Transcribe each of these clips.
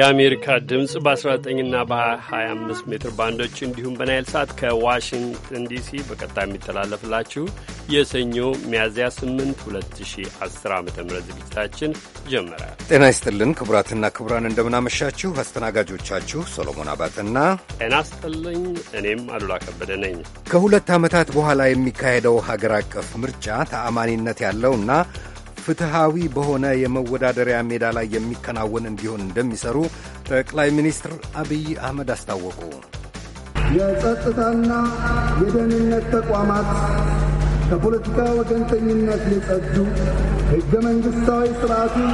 የአሜሪካ ድምፅ በ19ና በ25 ሜትር ባንዶች እንዲሁም በናይል ሳት ከዋሽንግተን ዲሲ በቀጥታ የሚተላለፍላችሁ የሰኞ ሚያዝያ 8 2010 ዓ ም ዝግጅታችን ጀመረ። ጤና ይስጥልን ክቡራትና ክቡራን፣ እንደምናመሻችሁ። አስተናጋጆቻችሁ ሰሎሞን አባትና ጤና ይስጥልኝ። እኔም አሉላ ከበደ ነኝ። ከሁለት ዓመታት በኋላ የሚካሄደው ሀገር አቀፍ ምርጫ ተአማኒነት ያለውና ፍትሐዊ በሆነ የመወዳደሪያ ሜዳ ላይ የሚከናወን እንዲሆን እንደሚሰሩ ጠቅላይ ሚኒስትር አብይ አህመድ አስታወቁ። የጸጥታና የደህንነት ተቋማት ከፖለቲካ ወገንተኝነት የጸዱ ሕገ መንግሥታዊ ስርዓቱን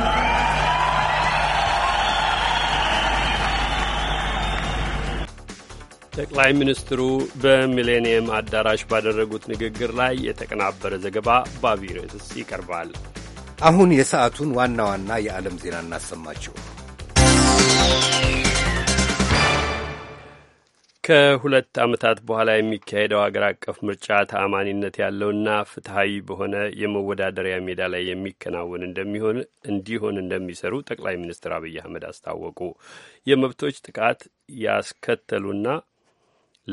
ጠቅላይ ሚኒስትሩ በሚሌኒየም አዳራሽ ባደረጉት ንግግር ላይ የተቀናበረ ዘገባ በአብይ ይቀርባል። አሁን የሰዓቱን ዋና ዋና የዓለም ዜና እናሰማችሁ። ከሁለት ዓመታት በኋላ የሚካሄደው አገር አቀፍ ምርጫ ተአማኒነት ያለውና ፍትሐዊ በሆነ የመወዳደሪያ ሜዳ ላይ የሚከናወን እንደሚሆን እንዲሆን እንደሚሰሩ ጠቅላይ ሚኒስትር አብይ አህመድ አስታወቁ። የመብቶች ጥቃት ያስከተሉና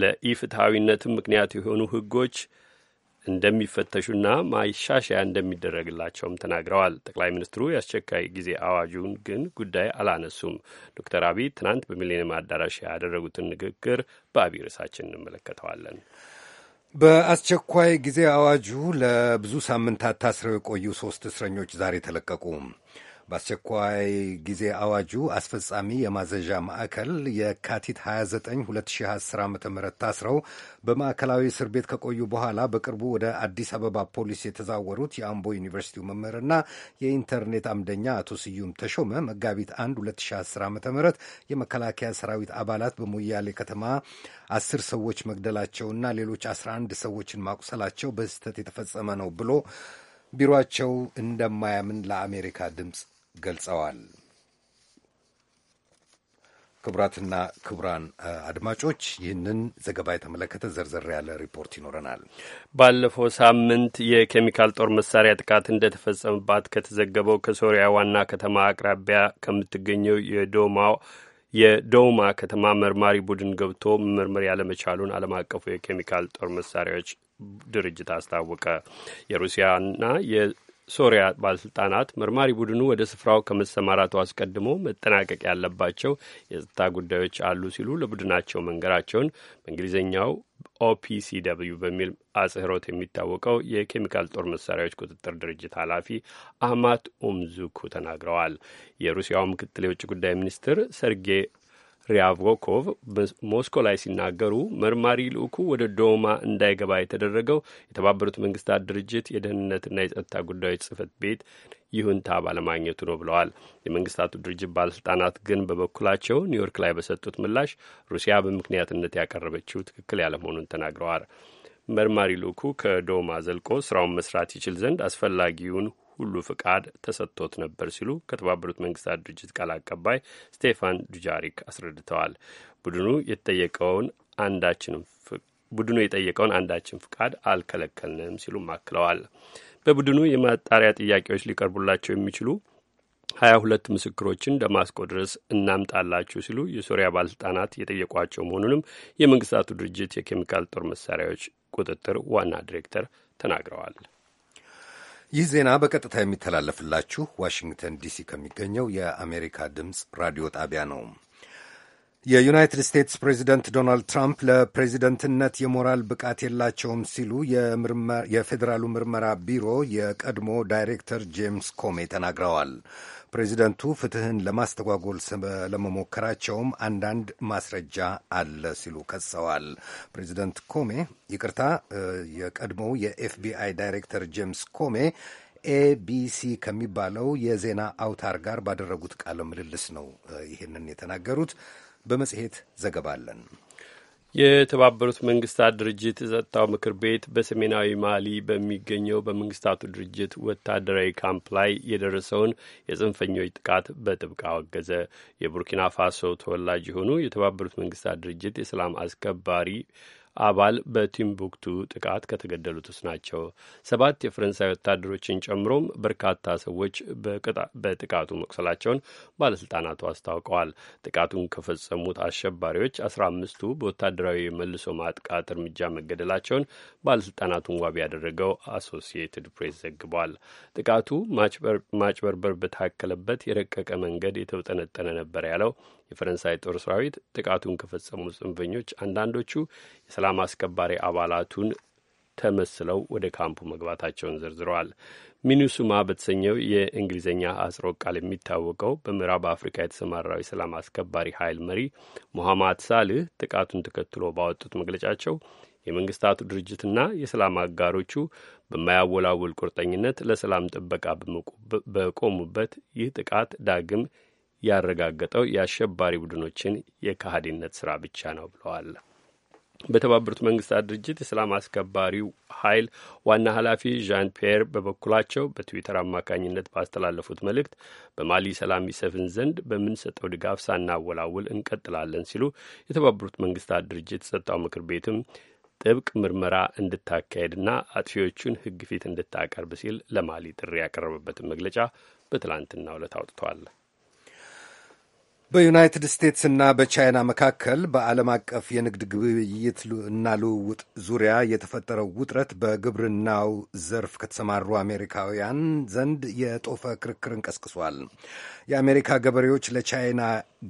ለኢፍትሐዊነትም ምክንያት የሆኑ ህጎች እንደሚፈተሹና ማሻሻያ እንደሚደረግላቸውም ተናግረዋል። ጠቅላይ ሚኒስትሩ የአስቸኳይ ጊዜ አዋጁን ግን ጉዳይ አላነሱም። ዶክተር አብይ ትናንት በሚሊኒየም አዳራሽ ያደረጉትን ንግግር በአብይ ርዕሳችን እንመለከተዋለን። በአስቸኳይ ጊዜ አዋጁ ለብዙ ሳምንታት ታስረው የቆዩ ሶስት እስረኞች ዛሬ ተለቀቁ። በአስቸኳይ ጊዜ አዋጁ አስፈጻሚ የማዘዣ ማዕከል የካቲት 29 2010 ዓ ም ታስረው በማዕከላዊ እስር ቤት ከቆዩ በኋላ በቅርቡ ወደ አዲስ አበባ ፖሊስ የተዛወሩት የአምቦ ዩኒቨርሲቲው መምህርና የኢንተርኔት አምደኛ አቶ ስዩም ተሾመ መጋቢት 1 2010 ዓ ም የመከላከያ ሰራዊት አባላት በሞያሌ ከተማ አስር ሰዎች መግደላቸውና ሌሎች 11 ሰዎችን ማቁሰላቸው በስህተት የተፈጸመ ነው ብሎ ቢሮአቸው እንደማያምን ለአሜሪካ ድምፅ ገልጸዋል። ክቡራትና ክቡራን አድማጮች ይህንን ዘገባ የተመለከተ ዘርዘር ያለ ሪፖርት ይኖረናል። ባለፈው ሳምንት የኬሚካል ጦር መሳሪያ ጥቃት እንደተፈጸመባት ከተዘገበው ከሶሪያ ዋና ከተማ አቅራቢያ ከምትገኘው የዶማው የዶማ ከተማ መርማሪ ቡድን ገብቶ ምርምር ያለመቻሉን ዓለም አቀፉ የኬሚካል ጦር መሳሪያዎች ድርጅት አስታወቀ። የሩሲያና ሶሪያ ባለስልጣናት መርማሪ ቡድኑ ወደ ስፍራው ከመሰማራቱ አስቀድሞ መጠናቀቅ ያለባቸው የጸጥታ ጉዳዮች አሉ ሲሉ ለቡድናቸው መንገራቸውን በእንግሊዝኛው ኦፒሲደብልዩ በሚል አጽህሮት የሚታወቀው የኬሚካል ጦር መሳሪያዎች ቁጥጥር ድርጅት ኃላፊ አህማት ኡምዙኩ ተናግረዋል። የሩሲያው ምክትል የውጭ ጉዳይ ሚኒስትር ሰርጌ ሪያቮኮቭ በሞስኮ ላይ ሲናገሩ መርማሪ ልዑኩ ወደ ዶማ እንዳይገባ የተደረገው የተባበሩት መንግስታት ድርጅት የደህንነትና የጸጥታ ጉዳዮች ጽህፈት ቤት ይሁንታ ባለማግኘቱ ነው ብለዋል። የመንግስታቱ ድርጅት ባለስልጣናት ግን በበኩላቸው ኒውዮርክ ላይ በሰጡት ምላሽ ሩሲያ በምክንያትነት ያቀረበችው ትክክል ያለመሆኑን ተናግረዋል። መርማሪ ልዑኩ ከዶማ ዘልቆ ስራውን መስራት ይችል ዘንድ አስፈላጊውን ሁሉ ፍቃድ ተሰጥቶት ነበር ሲሉ ከተባበሩት መንግስታት ድርጅት ቃል አቀባይ ስቴፋን ዱጃሪክ አስረድተዋል። ቡድኑ የተጠየቀውን አንዳችንም ቡድኑ የጠየቀውን አንዳችን ፍቃድ አልከለከልንም ሲሉም አክለዋል። በቡድኑ የማጣሪያ ጥያቄዎች ሊቀርቡላቸው የሚችሉ ሀያ ሁለት ምስክሮችን ደማስቆ ድረስ እናምጣላችሁ ሲሉ የሶሪያ ባለስልጣናት የጠየቋቸው መሆኑንም የመንግስታቱ ድርጅት የኬሚካል ጦር መሳሪያዎች ቁጥጥር ዋና ዲሬክተር ተናግረዋል። ይህ ዜና በቀጥታ የሚተላለፍላችሁ ዋሽንግተን ዲሲ ከሚገኘው የአሜሪካ ድምፅ ራዲዮ ጣቢያ ነው። የዩናይትድ ስቴትስ ፕሬዚደንት ዶናልድ ትራምፕ ለፕሬዚደንትነት የሞራል ብቃት የላቸውም ሲሉ የፌዴራሉ ምርመራ ቢሮ የቀድሞ ዳይሬክተር ጄምስ ኮሜ ተናግረዋል። ፕሬዚደንቱ ፍትህን ለማስተጓጎል ለመሞከራቸውም አንዳንድ ማስረጃ አለ ሲሉ ከሰዋል። ፕሬዚደንት ኮሜ ይቅርታ፣ የቀድሞው የኤፍቢአይ ዳይሬክተር ጄምስ ኮሜ ኤቢሲ ከሚባለው የዜና አውታር ጋር ባደረጉት ቃለ ምልልስ ነው ይህንን የተናገሩት። በመጽሔት ዘገባ አለን። የተባበሩት መንግስታት ድርጅት የጸጥታው ምክር ቤት በሰሜናዊ ማሊ በሚገኘው በመንግስታቱ ድርጅት ወታደራዊ ካምፕ ላይ የደረሰውን የጽንፈኞች ጥቃት በጥብቅ አወገዘ። የቡርኪና ፋሶ ተወላጅ የሆኑ የተባበሩት መንግስታት ድርጅት የሰላም አስከባሪ አባል በቲምቡክቱ ጥቃት ከተገደሉት ውስጥ ናቸው። ሰባት የፈረንሳይ ወታደሮችን ጨምሮም በርካታ ሰዎች በጥቃቱ መቁሰላቸውን ባለስልጣናቱ አስታውቀዋል። ጥቃቱን ከፈጸሙት አሸባሪዎች አስራ አምስቱ በወታደራዊ መልሶ ማጥቃት እርምጃ መገደላቸውን ባለስልጣናቱን ዋቢ ያደረገው አሶሲየትድ ፕሬስ ዘግቧል። ጥቃቱ ማጭበርበር በታከለበት የረቀቀ መንገድ የተውጠነጠነ ነበር ያለው የፈረንሳይ ጦር ሰራዊት ጥቃቱን ከፈጸሙ ጽንፈኞች አንዳንዶቹ የሰላም አስከባሪ አባላቱን ተመስለው ወደ ካምፑ መግባታቸውን ዘርዝረዋል። ሚኒሱማ በተሰኘው የእንግሊዝኛ አጽሮተ ቃል የሚታወቀው በምዕራብ አፍሪካ የተሰማራው የሰላም አስከባሪ ኃይል መሪ ሞሐማድ ሳልህ ጥቃቱን ተከትሎ ባወጡት መግለጫቸው የመንግስታቱ ድርጅትና የሰላም አጋሮቹ በማያወላውል ቁርጠኝነት ለሰላም ጥበቃ በቆሙበት ይህ ጥቃት ዳግም ያረጋገጠው የአሸባሪ ቡድኖችን የካህዲነት ስራ ብቻ ነው ብለዋል። በተባበሩት መንግስታት ድርጅት የሰላም አስከባሪው ኃይል ዋና ኃላፊ ዣን ፒየር በበኩላቸው በትዊተር አማካኝነት ባስተላለፉት መልእክት በማሊ ሰላም ይሰፍን ዘንድ በምንሰጠው ድጋፍ ሳናወላውል እንቀጥላለን ሲሉ የተባበሩት መንግስታት ድርጅት ጸጥታው ምክር ቤትም ጥብቅ ምርመራ እንድታካሄድና አጥፊዎቹን ሕግ ፊት እንድታቀርብ ሲል ለማሊ ጥሪ ያቀረበበትን መግለጫ በትላንትናው ዕለት አውጥተዋል። በዩናይትድ እና በቻይና መካከል በዓለም አቀፍ የንግድ ግብይት እና ልውውጥ ዙሪያ የተፈጠረው ውጥረት በግብርናው ዘርፍ ከተሰማሩ አሜሪካውያን ዘንድ የጦፈ ክርክርን ቀስቅሷል። የአሜሪካ ገበሬዎች ለቻይና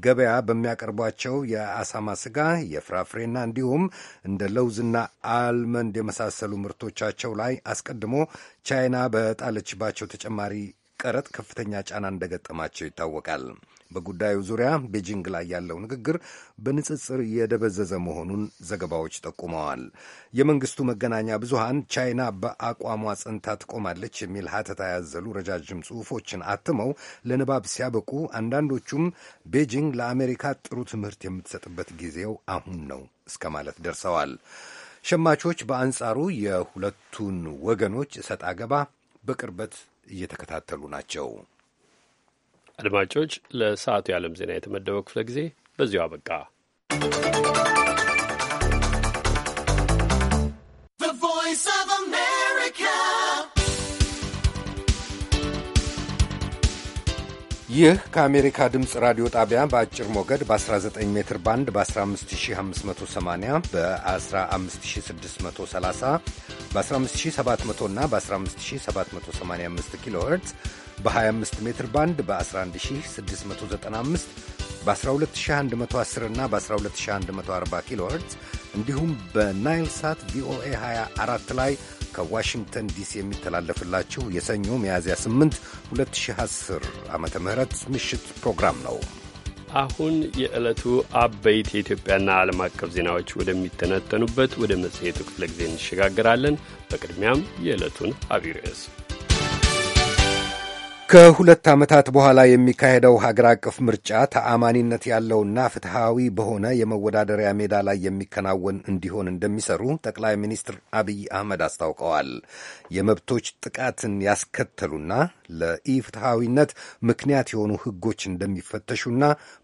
ገበያ በሚያቀርቧቸው የአሳማ ስጋ፣ የፍራፍሬና እንዲሁም እንደ ለውዝና አልመንድ የመሳሰሉ ምርቶቻቸው ላይ አስቀድሞ ቻይና በጣለችባቸው ተጨማሪ ቀረጥ ከፍተኛ ጫና እንደገጠማቸው ይታወቃል። በጉዳዩ ዙሪያ ቤጂንግ ላይ ያለው ንግግር በንጽጽር የደበዘዘ መሆኑን ዘገባዎች ጠቁመዋል። የመንግስቱ መገናኛ ብዙሃን ቻይና በአቋሟ ጽንታ ትቆማለች የሚል ሀተታ ያዘሉ ረጃጅም ጽሑፎችን አትመው ለንባብ ሲያበቁ አንዳንዶቹም ቤጂንግ ለአሜሪካ ጥሩ ትምህርት የምትሰጥበት ጊዜው አሁን ነው እስከ ማለት ደርሰዋል። ሸማቾች በአንጻሩ የሁለቱን ወገኖች እሰጥ አገባ በቅርበት እየተከታተሉ ናቸው። አድማጮች፣ ለሰዓቱ የዓለም ዜና የተመደበው ክፍለ ጊዜ በዚሁ አበቃ። ይህ ከአሜሪካ ድምፅ ራዲዮ ጣቢያ በአጭር ሞገድ በ19 ሜትር ባንድ በ15580 በ15630 በ15700 እና በ15785 ኪሎ ሄርትዝ በ25 ሜትር ባንድ በ11695 በ12110 እና በ12140 ኪሎ እንዲሁም በናይል ሳት ቪኦኤ 24 ላይ ከዋሽንግተን ዲሲ የሚተላለፍላችሁ የሰኞ ሚያዝያ 8 2010 ዓ ምህረት ምሽት ፕሮግራም ነው። አሁን የዕለቱ አበይት የኢትዮጵያና ዓለም አቀፍ ዜናዎች ወደሚተነተኑበት ወደ መጽሔቱ ክፍለ ጊዜ እንሸጋግራለን። በቅድሚያም የዕለቱን አብይ ርዕስ ከሁለት ዓመታት በኋላ የሚካሄደው ሀገር አቀፍ ምርጫ ተአማኒነት ያለውና ፍትሐዊ በሆነ የመወዳደሪያ ሜዳ ላይ የሚከናወን እንዲሆን እንደሚሰሩ ጠቅላይ ሚኒስትር አብይ አህመድ አስታውቀዋል። የመብቶች ጥቃትን ያስከተሉና ለኢፍትሐዊነት ምክንያት የሆኑ ሕጎች እንደሚፈተሹና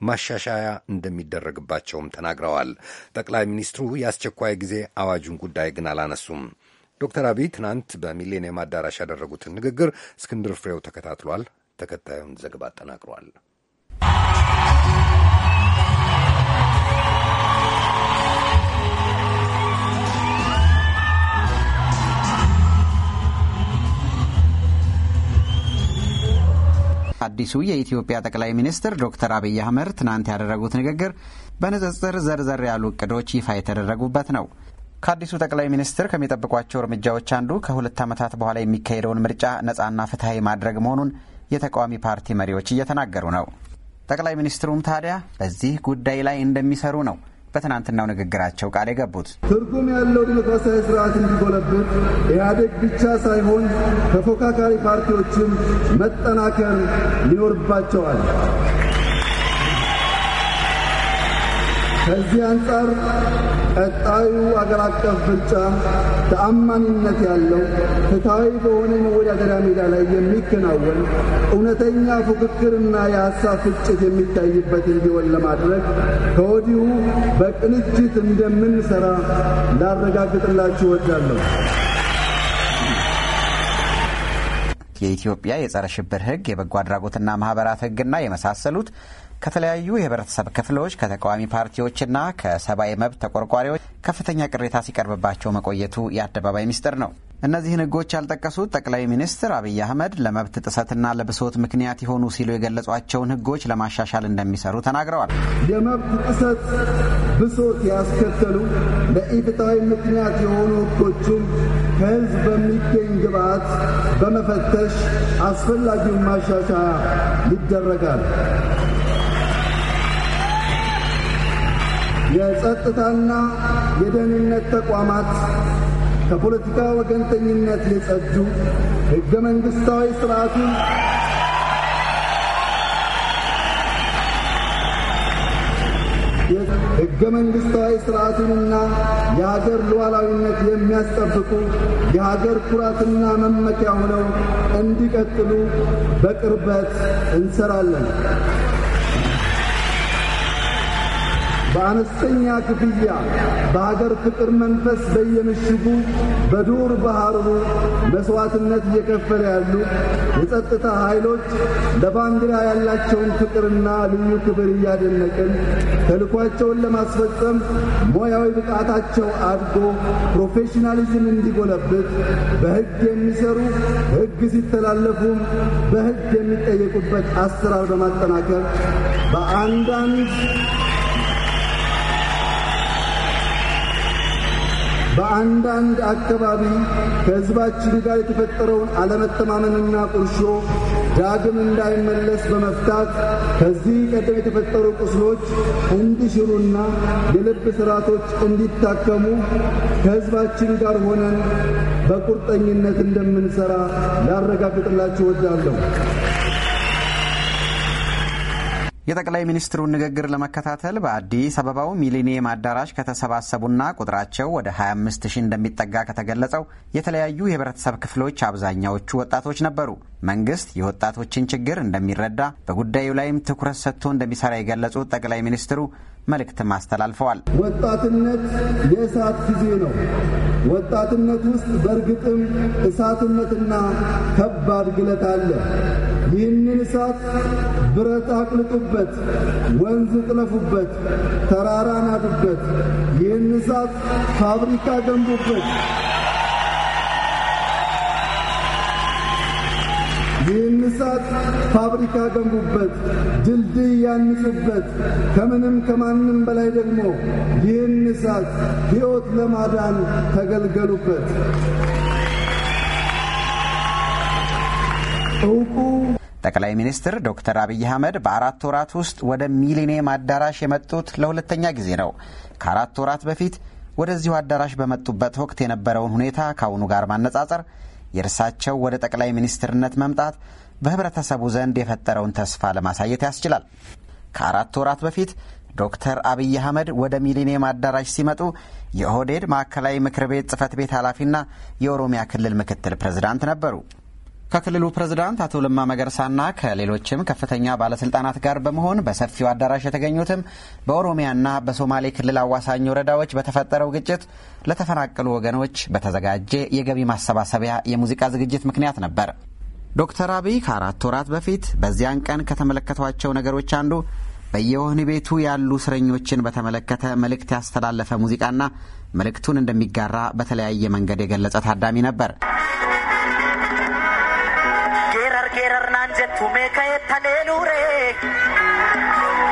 ማሻሻያ እንደሚደረግባቸውም ተናግረዋል። ጠቅላይ ሚኒስትሩ የአስቸኳይ ጊዜ አዋጁን ጉዳይ ግን አላነሱም። ዶክተር አብይ ትናንት በሚሌኒየም አዳራሽ ያደረጉትን ንግግር እስክንድር ፍሬው ተከታትሏል። ተከታዩን ዘገባ አጠናቅሯል። አዲሱ የኢትዮጵያ ጠቅላይ ሚኒስትር ዶክተር አብይ አህመድ ትናንት ያደረጉት ንግግር በንጽጽር ዘርዘር ያሉ እቅዶች ይፋ የተደረጉበት ነው። ከአዲሱ ጠቅላይ ሚኒስትር ከሚጠብቋቸው እርምጃዎች አንዱ ከሁለት ዓመታት በኋላ የሚካሄደውን ምርጫ ነፃና ፍትሐዊ ማድረግ መሆኑን የተቃዋሚ ፓርቲ መሪዎች እየተናገሩ ነው። ጠቅላይ ሚኒስትሩም ታዲያ በዚህ ጉዳይ ላይ እንደሚሰሩ ነው በትናንትናው ንግግራቸው ቃል የገቡት ትርጉም ያለው ዲሞክራሲያዊ ስርዓት እንዲጎለብት ኢህአዴግ ብቻ ሳይሆን ተፎካካሪ ፓርቲዎችም መጠናከር ሊኖርባቸዋል። ከዚህ አንጻር ቀጣዩ አገር አቀፍ ምርጫ ተአማኒነት ያለው ፍትሐዊ በሆነ መወዳደሪያ ሜዳ ላይ የሚከናወን እውነተኛ ፉክክርና የሐሳብ ፍጭት የሚታይበት እንዲሆን ለማድረግ ከወዲሁ በቅንጅት እንደምንሠራ ላረጋግጥላችሁ እወዳለሁ። የኢትዮጵያ የጸረ ሽብር ሕግ የበጎ አድራጎትና ማኅበራት ሕግና የመሳሰሉት ከተለያዩ የህብረተሰብ ክፍሎች ከተቃዋሚ ፓርቲዎችና ከሰብአዊ መብት ተቆርቋሪዎች ከፍተኛ ቅሬታ ሲቀርብባቸው መቆየቱ የአደባባይ ሚስጥር ነው። እነዚህን ህጎች ያልጠቀሱት ጠቅላይ ሚኒስትር አብይ አህመድ ለመብት ጥሰትና ለብሶት ምክንያት የሆኑ ሲሉ የገለጿቸውን ህጎች ለማሻሻል እንደሚሰሩ ተናግረዋል። የመብት ጥሰት፣ ብሶት ያስከተሉ ለኢፍትሐዊ ምክንያት የሆኑ ህጎችን ከህዝብ በሚገኝ ግብዓት በመፈተሽ አስፈላጊውን ማሻሻያ ይደረጋል። የጸጥታና የደህንነት ተቋማት ከፖለቲካ ወገንተኝነት የጸዱ ሕገ መንግሥታዊ ሥርዓቱን ሕገ መንግሥታዊ ሥርዓቱንና የሀገር ሉዓላዊነት የሚያስጠብቁ የሀገር ኩራትና መመኪያ ሆነው እንዲቀጥሉ በቅርበት እንሰራለን። በአነስተኛ ክፍያ በሀገር ፍቅር መንፈስ በየምሽጉ በዱር ባህሩ መስዋዕትነት እየከፈለ ያሉ የጸጥታ ኃይሎች ለባንዲራ ያላቸውን ፍቅርና ልዩ ክብር እያደነቅን ተልኳቸውን ለማስፈጸም ሙያዊ ብቃታቸው አድጎ ፕሮፌሽናሊዝም እንዲጎለብት በሕግ የሚሰሩ ሕግ ሲተላለፉም በሕግ የሚጠየቁበት አሰራር በማጠናከር በአንዳንድ በአንዳንድ አካባቢ ከሕዝባችን ጋር የተፈጠረውን አለመተማመንና ቁርሾ ዳግም እንዳይመለስ በመፍታት ከዚህ ቀደም የተፈጠሩ ቁስሎች እንዲሽሩና የልብ ስርዓቶች እንዲታከሙ ከሕዝባችን ጋር ሆነን በቁርጠኝነት እንደምንሠራ ላረጋግጥላችሁ እወዳለሁ። የጠቅላይ ሚኒስትሩን ንግግር ለመከታተል በአዲስ አበባው ሚሊኒየም አዳራሽ ከተሰባሰቡና ቁጥራቸው ወደ 25 ሺህ እንደሚጠጋ ከተገለጸው የተለያዩ የህብረተሰብ ክፍሎች አብዛኛዎቹ ወጣቶች ነበሩ። መንግስት የወጣቶችን ችግር እንደሚረዳ በጉዳዩ ላይም ትኩረት ሰጥቶ እንደሚሰራ የገለጹት ጠቅላይ ሚኒስትሩ መልእክትም አስተላልፈዋል። ወጣትነት የእሳት ጊዜ ነው። ወጣትነት ውስጥ በእርግጥም እሳትነትና ከባድ ግለት አለ። ይህንን እሳት ብረት አቅልጡበት፣ ወንዝ ጥለፉበት፣ ተራራ ናዱበት። ይህን እሳት ፋብሪካ ገንቡበት። ይህን እሳት ፋብሪካ ገንቡበት፣ ድልድይ ያንጹበት። ከምንም ከማንም በላይ ደግሞ ይህን እሳት ሕይወት ለማዳን ተገልገሉበት። ጠቅላይ ሚኒስትር ዶክተር አብይ አህመድ በአራት ወራት ውስጥ ወደ ሚሊኒየም አዳራሽ የመጡት ለሁለተኛ ጊዜ ነው። ከአራት ወራት በፊት ወደዚሁ አዳራሽ በመጡበት ወቅት የነበረውን ሁኔታ ከአሁኑ ጋር ማነጻጸር የእርሳቸው ወደ ጠቅላይ ሚኒስትርነት መምጣት በህብረተሰቡ ዘንድ የፈጠረውን ተስፋ ለማሳየት ያስችላል። ከአራት ወራት በፊት ዶክተር አብይ አህመድ ወደ ሚሊኒየም አዳራሽ ሲመጡ የኦህዴድ ማዕከላዊ ምክር ቤት ጽህፈት ቤት ኃላፊና የኦሮሚያ ክልል ምክትል ፕሬዝዳንት ነበሩ። ከክልሉ ፕሬዝዳንት አቶ ለማ መገርሳና ከሌሎችም ከፍተኛ ባለስልጣናት ጋር በመሆን በሰፊው አዳራሽ የተገኙትም በኦሮሚያና በሶማሌ ክልል አዋሳኝ ወረዳዎች በተፈጠረው ግጭት ለተፈናቀሉ ወገኖች በተዘጋጀ የገቢ ማሰባሰቢያ የሙዚቃ ዝግጅት ምክንያት ነበር። ዶክተር አብይ ከአራት ወራት በፊት በዚያን ቀን ከተመለከቷቸው ነገሮች አንዱ በየወህኒ ቤቱ ያሉ እስረኞችን በተመለከተ መልእክት ያስተላለፈ ሙዚቃና መልእክቱን እንደሚጋራ በተለያየ መንገድ የገለጸ ታዳሚ ነበር። badinaan jettu meeka'ee taleeluure.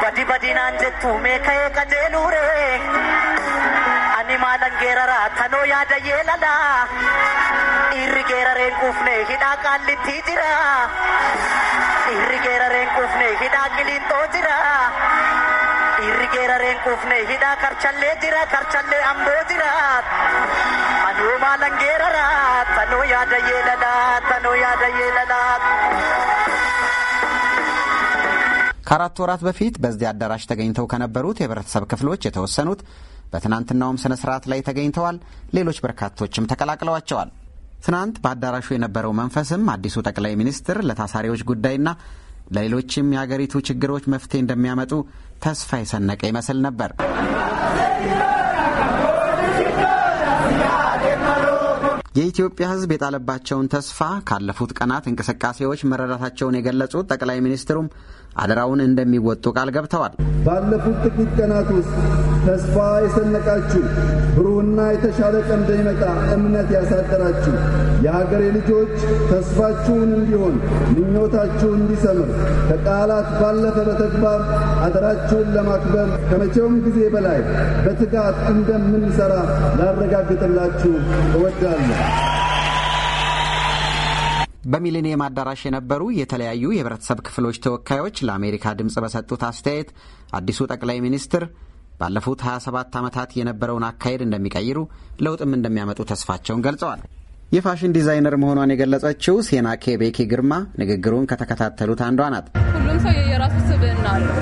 Badi badinaan jettu meeka'ee qajeeluure. Ani maalan geeraraa tanoo yaada yeelala. Dhiirri geerareen hidhaa jira. Dhiirri geerareen quufne hidhaa Dhiirri geerareen hidhaa karchallee karchallee amboo jira. maalan geeraraa tanoo tanoo ከአራት ወራት በፊት በዚህ አዳራሽ ተገኝተው ከነበሩት የህብረተሰብ ክፍሎች የተወሰኑት በትናንትናውም ስነ ስርዓት ላይ ተገኝተዋል። ሌሎች በርካቶችም ተቀላቅለዋቸዋል። ትናንት በአዳራሹ የነበረው መንፈስም አዲሱ ጠቅላይ ሚኒስትር ለታሳሪዎች ጉዳይና ለሌሎችም የአገሪቱ ችግሮች መፍትሄ እንደሚያመጡ ተስፋ የሰነቀ ይመስል ነበር። የኢትዮጵያ ሕዝብ የጣለባቸውን ተስፋ ካለፉት ቀናት እንቅስቃሴዎች መረዳታቸውን የገለጹት ጠቅላይ ሚኒስትሩም አደራውን እንደሚወጡ ቃል ገብተዋል። ባለፉት ጥቂት ቀናት ውስጥ ተስፋ የሰነቃችሁ ብሩህና የተሻለ ቀን እንደሚመጣ እምነት ያሳደራችሁ የሀገሬ ልጆች ተስፋችሁን እንዲሆን ምኞታችሁ እንዲሰምር ከቃላት ባለፈ በተግባር አደራችሁን ለማክበር ከመቼውም ጊዜ በላይ በትጋት እንደምንሰራ ላረጋግጥላችሁ እወዳለሁ። በሚሊኒየም አዳራሽ የነበሩ የተለያዩ የህብረተሰብ ክፍሎች ተወካዮች ለአሜሪካ ድምፅ በሰጡት አስተያየት አዲሱ ጠቅላይ ሚኒስትር ባለፉት 27 ዓመታት የነበረውን አካሄድ እንደሚቀይሩ ለውጥም እንደሚያመጡ ተስፋቸውን ገልጸዋል። የፋሽን ዲዛይነር መሆኗን የገለጸችው ሴና ኬቤኪ ግርማ ንግግሩን ከተከታተሉት አንዷ ናት። ሁሉም ሰው የየራሱ ስብዕና አለው።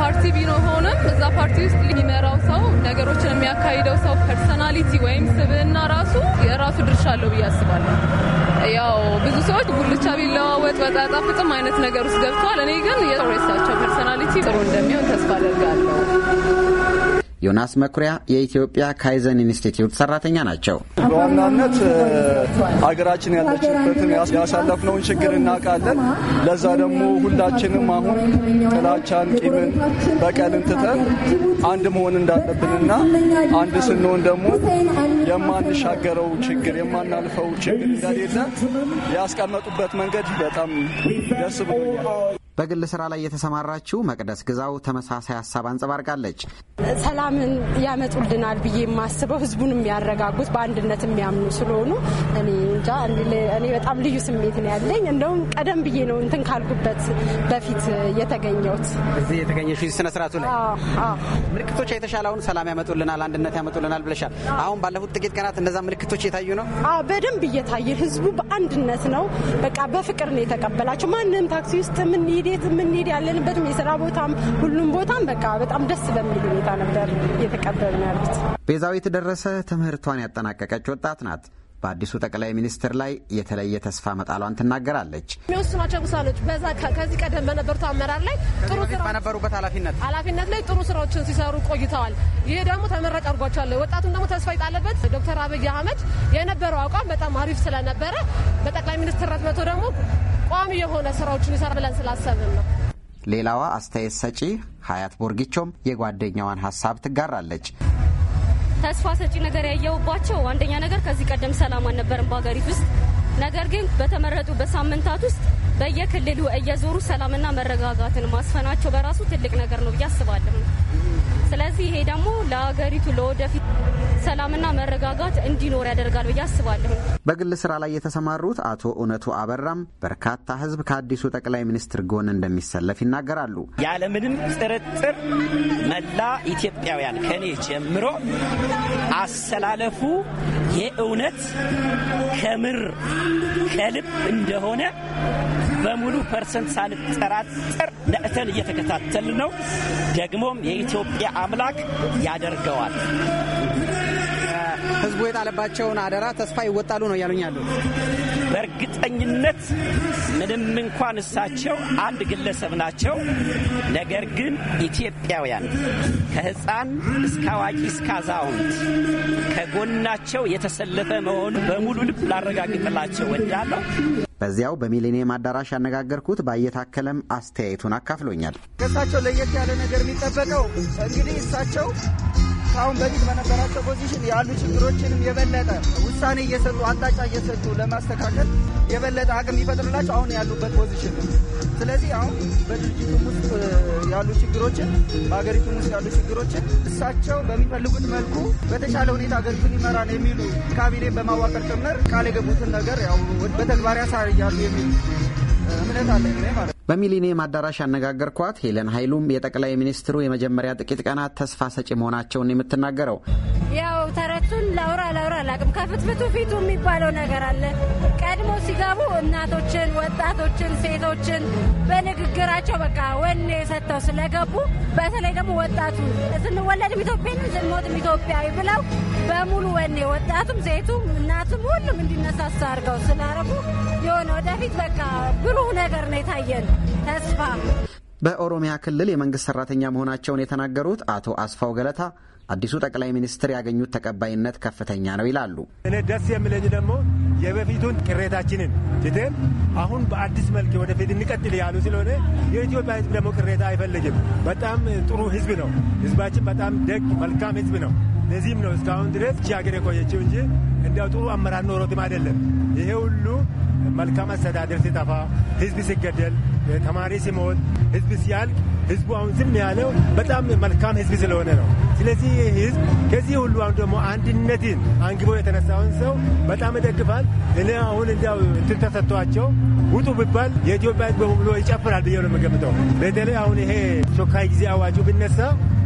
ፓርቲ ቢሆንም እዛ ፓርቲ ውስጥ የሚመራው ሰው፣ ነገሮችን የሚያካሂደው ሰው ፐርሰናሊቲ ወይም ስብዕና ራሱ የራሱ ድርሻ አለው ብዬ አስባለሁ። ያው ብዙ ሰዎች ጉልቻ ቢለዋወጥ በጣጣ ፍጥም አይነት ነገር ውስጥ ገብተዋል። እኔ ግን የሬሳቸው ፐርሰናሊቲ ጥሩ እንደሚሆን ተስፋ አደርጋለሁ። ዮናስ መኩሪያ የኢትዮጵያ ካይዘን ኢንስቲትዩት ሰራተኛ ናቸው። በዋናነት ሀገራችን ያለችበትን ያሳለፍነውን ችግር እናውቃለን። ለዛ ደግሞ ሁላችንም አሁን ጥላቻን፣ ቂምን፣ በቀልን ትተን አንድ መሆን እንዳለብንና አንድ ስንሆን ደግሞ የማንሻገረው ችግር የማናልፈው ችግር እንደሌለ ያስቀመጡበት መንገድ በጣም ደስ ብሎኛል። በግል ስራ ላይ የተሰማራችው መቅደስ ግዛው ተመሳሳይ ሀሳብ አንጸባርቃለች። ሰላምን ያመጡልናል ብዬ የማስበው ህዝቡን የሚያረጋጉት በአንድነት የሚያምኑ ስለሆኑ እኔ እንጃ እኔ በጣም ልዩ ስሜት ነው ያለኝ። እንደውም ቀደም ብዬ ነው እንትን ካልኩበት በፊት የተገኘሁት እዚህ የተገኘሽ ስነ ስርዓቱ ላይ ምልክቶች የተሻለውን ሰላም ያመጡልናል፣ አንድነት ያመጡልናል ብለሻል። አሁን ባለፉት ጥቂት ቀናት እነዛ ምልክቶች የታዩ ነው በደንብ እየታየ ህዝቡ በአንድነት ነው በቃ በፍቅር ነው የተቀበላቸው። ማንም ታክሲ ውስጥ የምንሄድ ወዴት የምንሄድ ያለንበትም የስራ ቦታም ሁሉም ቦታም በቃ በጣም ደስ በሚል ሁኔታ ነበር እየተቀበሉ ያሉት። ቤዛዊት ደረሰ ትምህርቷን ያጠናቀቀች ወጣት ናት። በአዲሱ ጠቅላይ ሚኒስትር ላይ የተለየ ተስፋ መጣሏን ትናገራለች። የሚወስኗቸው ውሳኔዎች በዛ ከዚህ ቀደም በነበሩት አመራር ላይ ጥሩ በነበሩበት ኃላፊነት ኃላፊነት ላይ ጥሩ ስራዎችን ሲሰሩ ቆይተዋል። ይሄ ደግሞ ተመራጭ አድርጓቸዋል። ወጣቱም ደግሞ ተስፋ ይጣለበት ዶክተር አብይ አህመድ የነበረው አቋም በጣም አሪፍ ስለነበረ በጠቅላይ ሚኒስትርነት መቶ ደግሞ ቋሚ የሆነ ስራዎችን ይሰራ ብለን ስላሰብን ነው። ሌላዋ አስተያየት ሰጪ ሀያት ቦርጊቾም የጓደኛዋን ሀሳብ ትጋራለች። ተስፋ ሰጪ ነገር ያየውባቸው አንደኛ ነገር ከዚህ ቀደም ሰላም አልነበረም በሀገሪቱ ውስጥ። ነገር ግን በተመረጡ በሳምንታት ውስጥ በየክልሉ እየዞሩ ሰላምና መረጋጋትን ማስፈናቸው በራሱ ትልቅ ነገር ነው ብዬ አስባለሁ። ስለዚህ ይሄ ደግሞ ለሀገሪቱ ለወደፊት ሰላምና መረጋጋት እንዲኖር ያደርጋል ብዬ አስባለሁ። በግል ስራ ላይ የተሰማሩት አቶ እውነቱ አበራም በርካታ ህዝብ ከአዲሱ ጠቅላይ ሚኒስትር ጎን እንደሚሰለፍ ይናገራሉ። ያለምንም ጥርጥር መላ ኢትዮጵያውያን ከኔ ጀምሮ አሰላለፉ የእውነት ከምር ከልብ እንደሆነ በሙሉ ፐርሰንት ሳንጠራጠር ነቅተን እየተከታተል ነው። ደግሞም የኢትዮጵያ አምላክ ያደርገዋል። ህዝቡ የጣለባቸውን አደራ ተስፋ ይወጣሉ ነው እያሉኝ ያሉ። በእርግጠኝነት ምንም እንኳን እሳቸው አንድ ግለሰብ ናቸው፣ ነገር ግን ኢትዮጵያውያን ከህፃን እስከ አዋቂ እስከ አዛውንት ከጎናቸው የተሰለፈ መሆኑ በሙሉ ልብ ላረጋግጥላቸው ወዳለሁ። በዚያው በሚሌኒየም አዳራሽ ያነጋገርኩት ባየታከለም አስተያየቱን አካፍሎኛል። ከእሳቸው ለየት ያለ ነገር የሚጠበቀው እንግዲህ እሳቸው ከአሁን በፊት በነበራቸው ፖዚሽን ያሉ ችግሮችንም የበለጠ ውሳኔ እየሰጡ አቅጣጫ እየሰጡ ለማስተካከል የበለጠ አቅም ይፈጥርላቸው አሁን ያሉበት ፖዚሽን ነው። ስለዚህ አሁን በድርጅቱም ውስጥ ያሉ ችግሮችን በሀገሪቱም ውስጥ ያሉ ችግሮችን እሳቸው በሚፈልጉት መልኩ በተሻለ ሁኔታ ሀገሪቱን ይመራን የሚሉ ካቢኔ በማዋቀር ጭምር ቃል የገቡትን ነገር ያው በተግባር ያሳያሉ የሚል በሚሊኒየም አዳራሽ ያነጋገርኳት ሄለን ኃይሉም የጠቅላይ ሚኒስትሩ የመጀመሪያ ጥቂት ቀናት ተስፋ ሰጪ መሆናቸውን የምትናገረው ያው ተረቱን ላውራ ላውራ አላቅም ከፍትፍቱ ፊቱ የሚባለው ነገር አለ። ቀድሞ ሲገቡ እናቶችን፣ ወጣቶችን፣ ሴቶችን በንግግራቸው በቃ ወኔ ሰጥተው ስለገቡ በተለይ ደግሞ ወጣቱ ስንወለድም ኢትዮጵያን ስንሞትም ኢትዮጵያዊ ብለው በሙሉ ወኔ ወጣቱም፣ ሴቱም፣ እናቱም ሁሉም እንዲነሳሳ አድርገው ስላረጉ የሆነ ወደፊት በቃ ብሩ ጥሩ ነገር ነው የታየን ተስፋ በኦሮሚያ ክልል የመንግስት ሰራተኛ መሆናቸውን የተናገሩት አቶ አስፋው ገለታ አዲሱ ጠቅላይ ሚኒስትር ያገኙት ተቀባይነት ከፍተኛ ነው ይላሉ። እኔ ደስ የሚለኝ ደግሞ የበፊቱን ቅሬታችንን ትተን አሁን በአዲስ መልክ ወደፊት እንቀጥል ያሉ ስለሆነ የኢትዮጵያ ሕዝብ ደግሞ ቅሬታ አይፈልግም። በጣም ጥሩ ሕዝብ ነው። ሕዝባችን በጣም ደግ መልካም ሕዝብ ነው። ለዚህም ነው እስካሁን ድረስ ቺ ሀገር የቆየችው እንጂ እንደ ጥሩ አመራር ኖሮትም አይደለም። ይሄ ሁሉ መልካም አስተዳደር ሲጠፋ፣ ሕዝብ ሲገደል ተማሪ ሲሞት፣ ህዝብ ሲያልቅ፣ ህዝቡ አሁን ዝም ያለው በጣም መልካም ህዝብ ስለሆነ ነው። ስለዚህ ህዝብ ከዚህ ሁሉ አሁን ደግሞ አንድነትን አንግቦ የተነሳውን ሰው በጣም ይደግፋል። እኔ አሁን እንዲያው እንትን ተሰጥቷቸው ውጡ ብባል የኢትዮጵያ ህዝብ በሙሉ ይጨፍራል ብዬ ነው የምገምተው። በተለይ አሁን ይሄ ሾካይ ጊዜ አዋጁ ብነሳ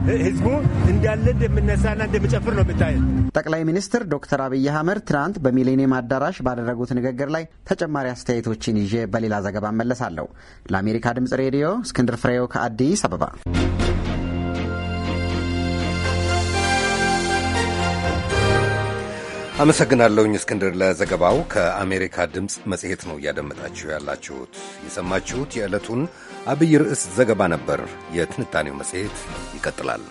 ህዝቡ እንዳለ እንደምነሳና እንደምጨፍር ነው የምታየ። ጠቅላይ ሚኒስትር ዶክተር አብይ አህመድ ትናንት በሚሌኒየም አዳራሽ ባደረጉት ንግግር ላይ ተጨማሪ አስተያየቶችን ይዤ በሌላ ዘገባ እመለሳለሁ። ለአሜሪካ ድምጽ ሬዲዮ እስክንድር ፍሬው ከአዲስ አበባ። አመሰግናለሁኝ እስክንድር ለዘገባው። ከአሜሪካ ድምፅ መጽሔት ነው እያደመጣችሁ ያላችሁት። የሰማችሁት የዕለቱን አብይ ርዕስ ዘገባ ነበር። የትንታኔው መጽሔት ይቀጥላል።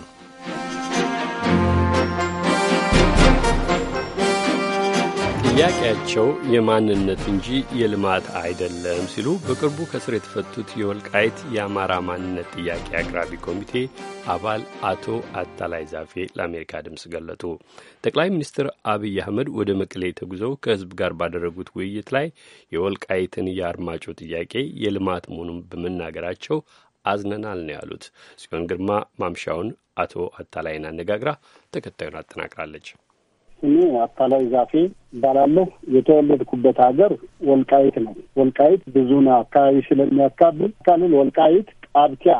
ጥያቄያቸው የማንነት እንጂ የልማት አይደለም ሲሉ በቅርቡ ከስር የተፈቱት የወልቃይት የአማራ ማንነት ጥያቄ አቅራቢ ኮሚቴ አባል አቶ አታላይ ዛፌ ለአሜሪካ ድምፅ ገለጡ። ጠቅላይ ሚኒስትር አብይ አህመድ ወደ መቀሌ ተጉዘው ከህዝብ ጋር ባደረጉት ውይይት ላይ የወልቃይትን የአርማጮ ጥያቄ የልማት መሆኑን በመናገራቸው አዝነናል ነው ያሉት። ጽዮን ግርማ ማምሻውን አቶ አታላይን አነጋግራ ተከታዩን አጠናቅራለች። እኔ አታላይ ዛፌ እባላለሁ። የተወለድኩበት ሀገር ወልቃይት ነው። ወልቃይት ብዙ አካባቢ ስለሚያካብል ካልል ወልቃይት ቃብቲያ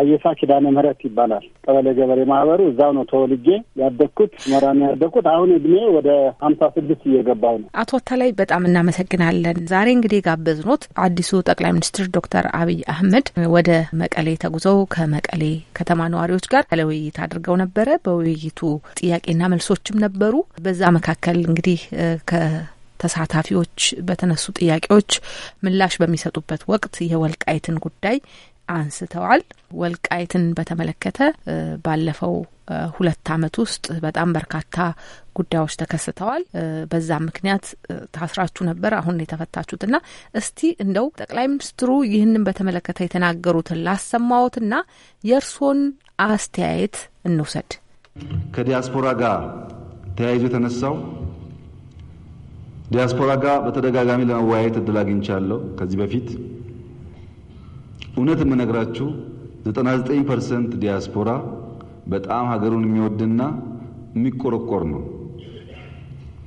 አየሳ ኪዳነ ምህረት ይባላል። ቀበሌ ገበሬ ማህበሩ እዛው ነው ተወልጄ ያደግኩት፣ መራን ያደግኩት። አሁን እድሜ ወደ ሀምሳ ስድስት እየገባው ነው። አቶ ወታላይ በጣም እናመሰግናለን። ዛሬ እንግዲህ ጋበዝኖት አዲሱ ጠቅላይ ሚኒስትር ዶክተር አብይ አህመድ ወደ መቀሌ ተጉዘው ከመቀሌ ከተማ ነዋሪዎች ጋር ለውይይት አድርገው ነበረ። በውይይቱ ጥያቄና መልሶችም ነበሩ። በዛ መካከል እንግዲህ ከ ተሳታፊዎች በተነሱ ጥያቄዎች ምላሽ በሚሰጡበት ወቅት የወልቃይትን ጉዳይ አንስተዋል። ወልቃይትን በተመለከተ ባለፈው ሁለት አመት ውስጥ በጣም በርካታ ጉዳዮች ተከስተዋል። በዛ ምክንያት ታስራችሁ ነበር፣ አሁን እና እስቲ እንደው ጠቅላይ ሚኒስትሩ ይህንን በተመለከተ የተናገሩትን ላሰማዎት እና የእርስዎን አስተያየት እንውሰድ። ከዲያስፖራ ጋር ተያይዞ የተነሳው ዲያስፖራ ጋር በተደጋጋሚ ለመወያየት እድል አግኝቻለሁ ከዚህ በፊት እውነት የምነግራችሁ 99 ፐርሰንት ዲያስፖራ በጣም ሀገሩን የሚወድና የሚቆረቆር ነው።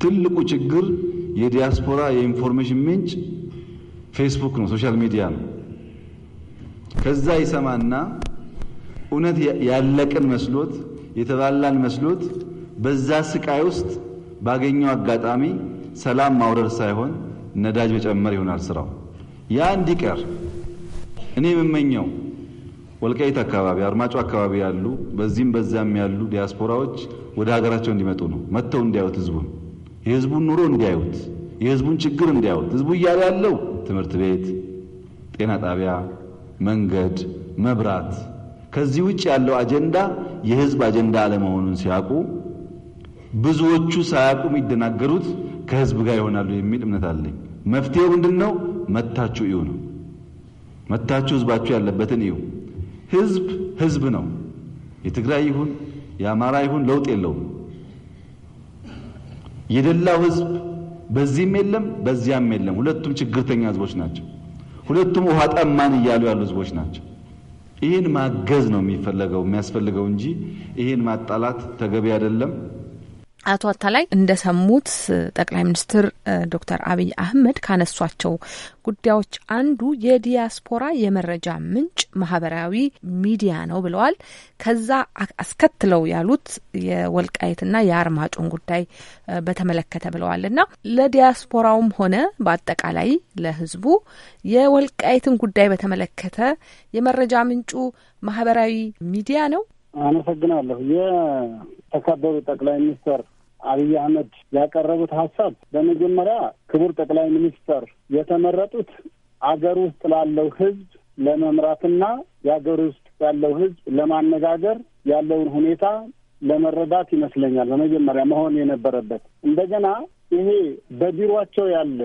ትልቁ ችግር የዲያስፖራ የኢንፎርሜሽን ምንጭ ፌስቡክ ነው፣ ሶሻል ሚዲያ ነው። ከዛ ይሰማና እውነት ያለቅን መስሎት የተባላን መስሎት በዛ ስቃይ ውስጥ ባገኘው አጋጣሚ ሰላም ማውረድ ሳይሆን ነዳጅ መጨመር ይሆናል ስራው ያ እንዲቀር እኔ የምመኘው ወልቃይት አካባቢ አርማጮ አካባቢ ያሉ በዚህም በዛም ያሉ ዲያስፖራዎች ወደ ሀገራቸው እንዲመጡ ነው። መጥተው እንዲያዩት ህዝቡን፣ የህዝቡን ኑሮ እንዲያዩት፣ የህዝቡን ችግር እንዲያዩት። ህዝቡ እያለ ያለው ትምህርት ቤት፣ ጤና ጣቢያ፣ መንገድ፣ መብራት፣ ከዚህ ውጭ ያለው አጀንዳ የህዝብ አጀንዳ አለመሆኑን ሲያውቁ ብዙዎቹ ሳያውቁ የሚደናገሩት ከህዝብ ጋር ይሆናሉ የሚል እምነት አለኝ። መፍትሄው ምንድን ነው? መታችሁ ይሁ ነው። መታችሁ ህዝባችሁ ያለበትን እዩ። ህዝብ ህዝብ ነው። የትግራይ ይሁን የአማራ ይሁን ለውጥ የለውም። የደላው ህዝብ በዚህም የለም በዚያም የለም። ሁለቱም ችግርተኛ ህዝቦች ናቸው። ሁለቱም ውሃ ጠማን እያሉ ያሉ ህዝቦች ናቸው። ይህን ማገዝ ነው የሚፈለገው የሚያስፈልገው እንጂ ይህን ማጣላት ተገቢ አይደለም። አቶ አታላይ እንደሰሙት ጠቅላይ ሚኒስትር ዶክተር አብይ አህመድ ካነሷቸው ጉዳዮች አንዱ የዲያስፖራ የመረጃ ምንጭ ማህበራዊ ሚዲያ ነው ብለዋል። ከዛ አስከትለው ያሉት የወልቃየትና የአርማጮን ጉዳይ በተመለከተ ብለዋል እና ለዲያስፖራውም ሆነ በአጠቃላይ ለህዝቡ የወልቃየትን ጉዳይ በተመለከተ የመረጃ ምንጩ ማህበራዊ ሚዲያ ነው። አመሰግናለሁ። የተከበሩ ጠቅላይ ሚኒስትር አብይ አህመድ ያቀረቡት ሀሳብ በመጀመሪያ ክቡር ጠቅላይ ሚኒስትር የተመረጡት አገር ውስጥ ላለው ህዝብ ለመምራትና የአገር ውስጥ ያለው ህዝብ ለማነጋገር ያለውን ሁኔታ ለመረዳት ይመስለኛል በመጀመሪያ መሆን የነበረበት። እንደገና ይሄ በቢሮቸው ያለ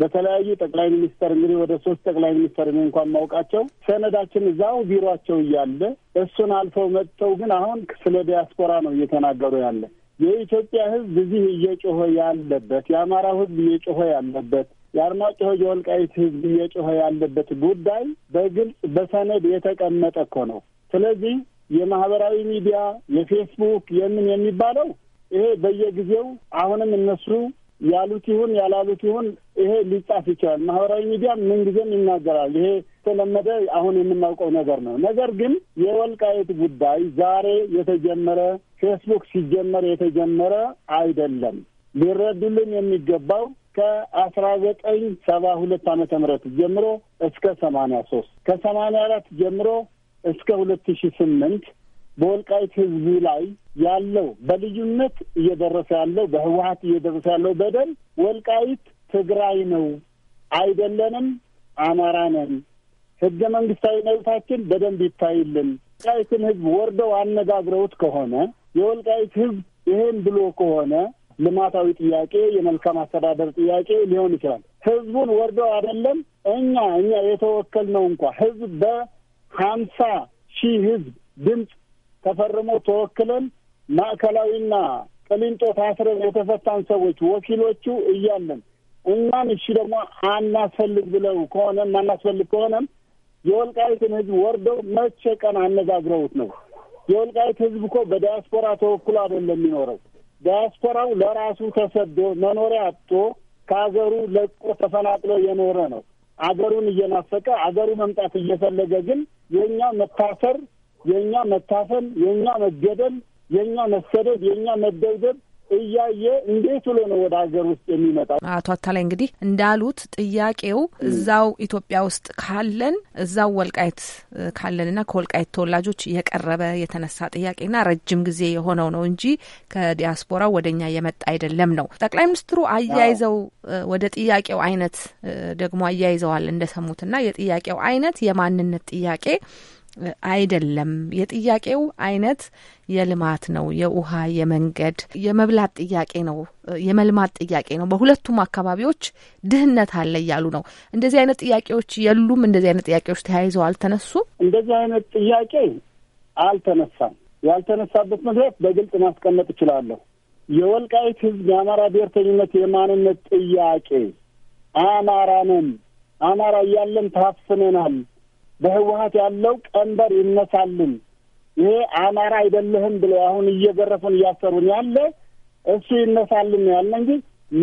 በተለያዩ ጠቅላይ ሚኒስተር እንግዲህ ወደ ሶስት ጠቅላይ ሚኒስተር እኔ እንኳን ማውቃቸው ሰነዳችን እዛው ቢሮቸው እያለ እሱን አልፈው መጥተው ግን አሁን ስለ ዲያስፖራ ነው እየተናገሩ ያለ የኢትዮጵያ ሕዝብ እዚህ እየጮኸ ያለበት የአማራ ሕዝብ እየጮኸ ያለበት የአርማጭሆ የወልቃይት ህዝብ እየጮኸ ያለበት ጉዳይ በግልጽ በሰነድ የተቀመጠ እኮ ነው። ስለዚህ የማህበራዊ ሚዲያ የፌስቡክ የምን የሚባለው ይሄ በየጊዜው አሁንም እነሱ ያሉት ይሁን ያላሉት ይሁን ይሄ ሊጻፍ ይችላል። ማህበራዊ ሚዲያ ምንጊዜም ይናገራል ይሄ የተለመደ አሁን የምናውቀው ነገር ነው። ነገር ግን የወልቃይት ጉዳይ ዛሬ የተጀመረ ፌስቡክ ሲጀመር የተጀመረ አይደለም። ሊረዱልን የሚገባው ከአስራ ዘጠኝ ሰባ ሁለት ዓመተ ምህረት ጀምሮ እስከ ሰማንያ ሶስት ከሰማንያ አራት ጀምሮ እስከ ሁለት ሺ ስምንት በወልቃይት ህዝቡ ላይ ያለው በልዩነት እየደረሰ ያለው በህወሀት እየደረሰ ያለው በደል ወልቃይት ትግራይ ነው አይደለንም፣ አማራ ነን ህገ መንግስታዊ መብታችን በደንብ ይታይልን። ወልቃይትን ህዝብ ወርደው አነጋግረውት ከሆነ የወልቃይት ህዝብ ይሄን ብሎ ከሆነ ልማታዊ ጥያቄ፣ የመልካም አስተዳደር ጥያቄ ሊሆን ይችላል። ህዝቡን ወርደው አይደለም እኛ እኛ የተወከልነው እንኳ ህዝብ በሀምሳ ሺህ ህዝብ ድምፅ ተፈርሞ ተወክለን ማዕከላዊና ቅሊንጦ ታስረን የተፈታን ሰዎች ወኪሎቹ እያለን እኛን እሺ ደግሞ አናስፈልግ ብለው ከሆነም አናስፈልግ ከሆነም የወልቃይትን ህዝብ ወርደው መቼ ቀን አነጋግረውት ነው? የወልቃይት ህዝብ እኮ በዳያስፖራ ተወክሎ አይደለም የሚኖረው። ዳያስፖራው ለራሱ ተሰዶ መኖሪያ አጥቶ ከሀገሩ ለቆ ተፈናቅሎ የኖረ ነው። አገሩን እየናፈቀ አገሩ መምጣት እየፈለገ ግን የእኛ መታሰር፣ የእኛ መታፈን፣ የእኛ መገደል፣ የእኛ መሰደድ፣ የእኛ መደብደብ እያየ እንዴት ብሎ ነው ወደ ሀገር ውስጥ የሚመጣው? አቶ አታላይ እንግዲህ እንዳሉት ጥያቄው እዛው ኢትዮጵያ ውስጥ ካለን እዛው ወልቃይት ካለንና ከወልቃይት ተወላጆች የቀረበ የተነሳ ጥያቄና ረጅም ጊዜ የሆነው ነው እንጂ ከዲያስፖራ ወደ እኛ የመጣ አይደለም ነው። ጠቅላይ ሚኒስትሩ አያይዘው ወደ ጥያቄው አይነት ደግሞ አያይዘዋል እንደሰሙትና የጥያቄው አይነት የማንነት ጥያቄ አይደለም። የጥያቄው አይነት የልማት ነው፣ የውሃ የመንገድ፣ የመብላት ጥያቄ ነው፣ የመልማት ጥያቄ ነው። በሁለቱም አካባቢዎች ድህነት አለ እያሉ ነው። እንደዚህ አይነት ጥያቄዎች የሉም። እንደዚህ አይነት ጥያቄዎች ተያይዘው አልተነሱም። እንደዚህ አይነት ጥያቄ አልተነሳም። ያልተነሳበት ምክንያት በግልጽ ማስቀመጥ እችላለሁ። የወልቃይት ሕዝብ የአማራ ብሔርተኝነት የማንነት ጥያቄ አማራ ነን፣ አማራ እያለን ታፍነናል በህወሀት ያለው ቀንበር ይነሳልን፣ ይሄ አማራ አይደለህም ብለው አሁን እየገረፉን እያሰሩን ያለ እሱ ይነሳልን ያለ እንጂ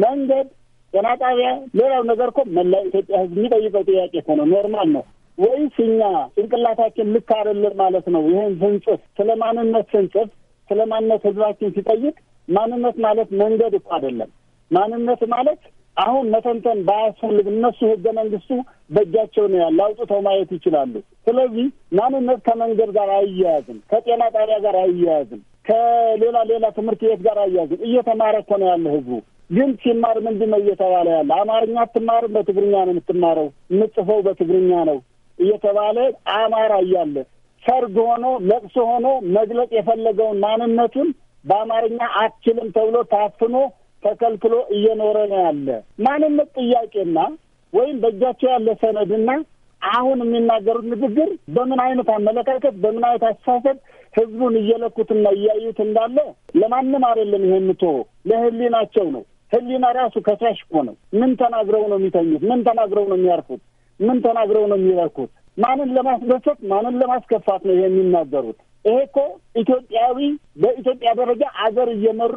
መንገድ፣ ጤና ጣቢያ፣ ሌላው ነገር እኮ መላ ኢትዮጵያ ህዝብ የሚጠይቀው ጥያቄ እኮ ነው። ኖርማል ነው ወይስ እኛ ጭንቅላታችን ልክ አይደለም ማለት ነው? ይህን ስንጽፍ ስለ ማንነት ስንጽፍ ስለ ማንነት ህዝባችን ሲጠይቅ ማንነት ማለት መንገድ እኮ አይደለም። ማንነት ማለት አሁን መተንተን ባያስፈልግ እነሱ ህገ መንግስቱ በእጃቸው ነው ያለ፣ አውጥተው ማየት ይችላሉ። ስለዚህ ማንነት ከመንገድ ጋር አይያያዝም፣ ከጤና ጣቢያ ጋር አይያያዝም፣ ከሌላ ሌላ ትምህርት ቤት ጋር አይያያዝም። እየተማረ እኮ ነው ያለ ህዝቡ። ግን ሲማር ምንድን ነው እየተባለ ያለ? አማርኛ አትማርም፣ በትግርኛ ነው የምትማረው፣ የምጽፈው በትግርኛ ነው እየተባለ አማራ እያለ ሰርግ ሆኖ ለቅሶ ሆኖ መግለጽ የፈለገውን ማንነቱን በአማርኛ አትችልም ተብሎ ታፍኖ ተከልክሎ እየኖረ ነው ያለ ማንነት ጥያቄና ወይም በእጃቸው ያለ ሰነድና አሁን የሚናገሩት ንግግር በምን አይነት አመለካከት በምን አይነት አስተሳሰብ ህዝቡን እየለኩትና እያዩት እንዳለ ለማንም አይደለም። ይሄ የምትሆ ለህሊናቸው ነው። ህሊና ራሱ ከሳሽ እኮ ነው። ምን ተናግረው ነው የሚተኙት? ምን ተናግረው ነው የሚያርፉት? ምን ተናግረው ነው የሚለኩት? ማንን ለማስደሰት ማንን ለማስከፋት ነው ይሄ የሚናገሩት? ይሄ እኮ ኢትዮጵያዊ በኢትዮጵያ ደረጃ አገር እየመሩ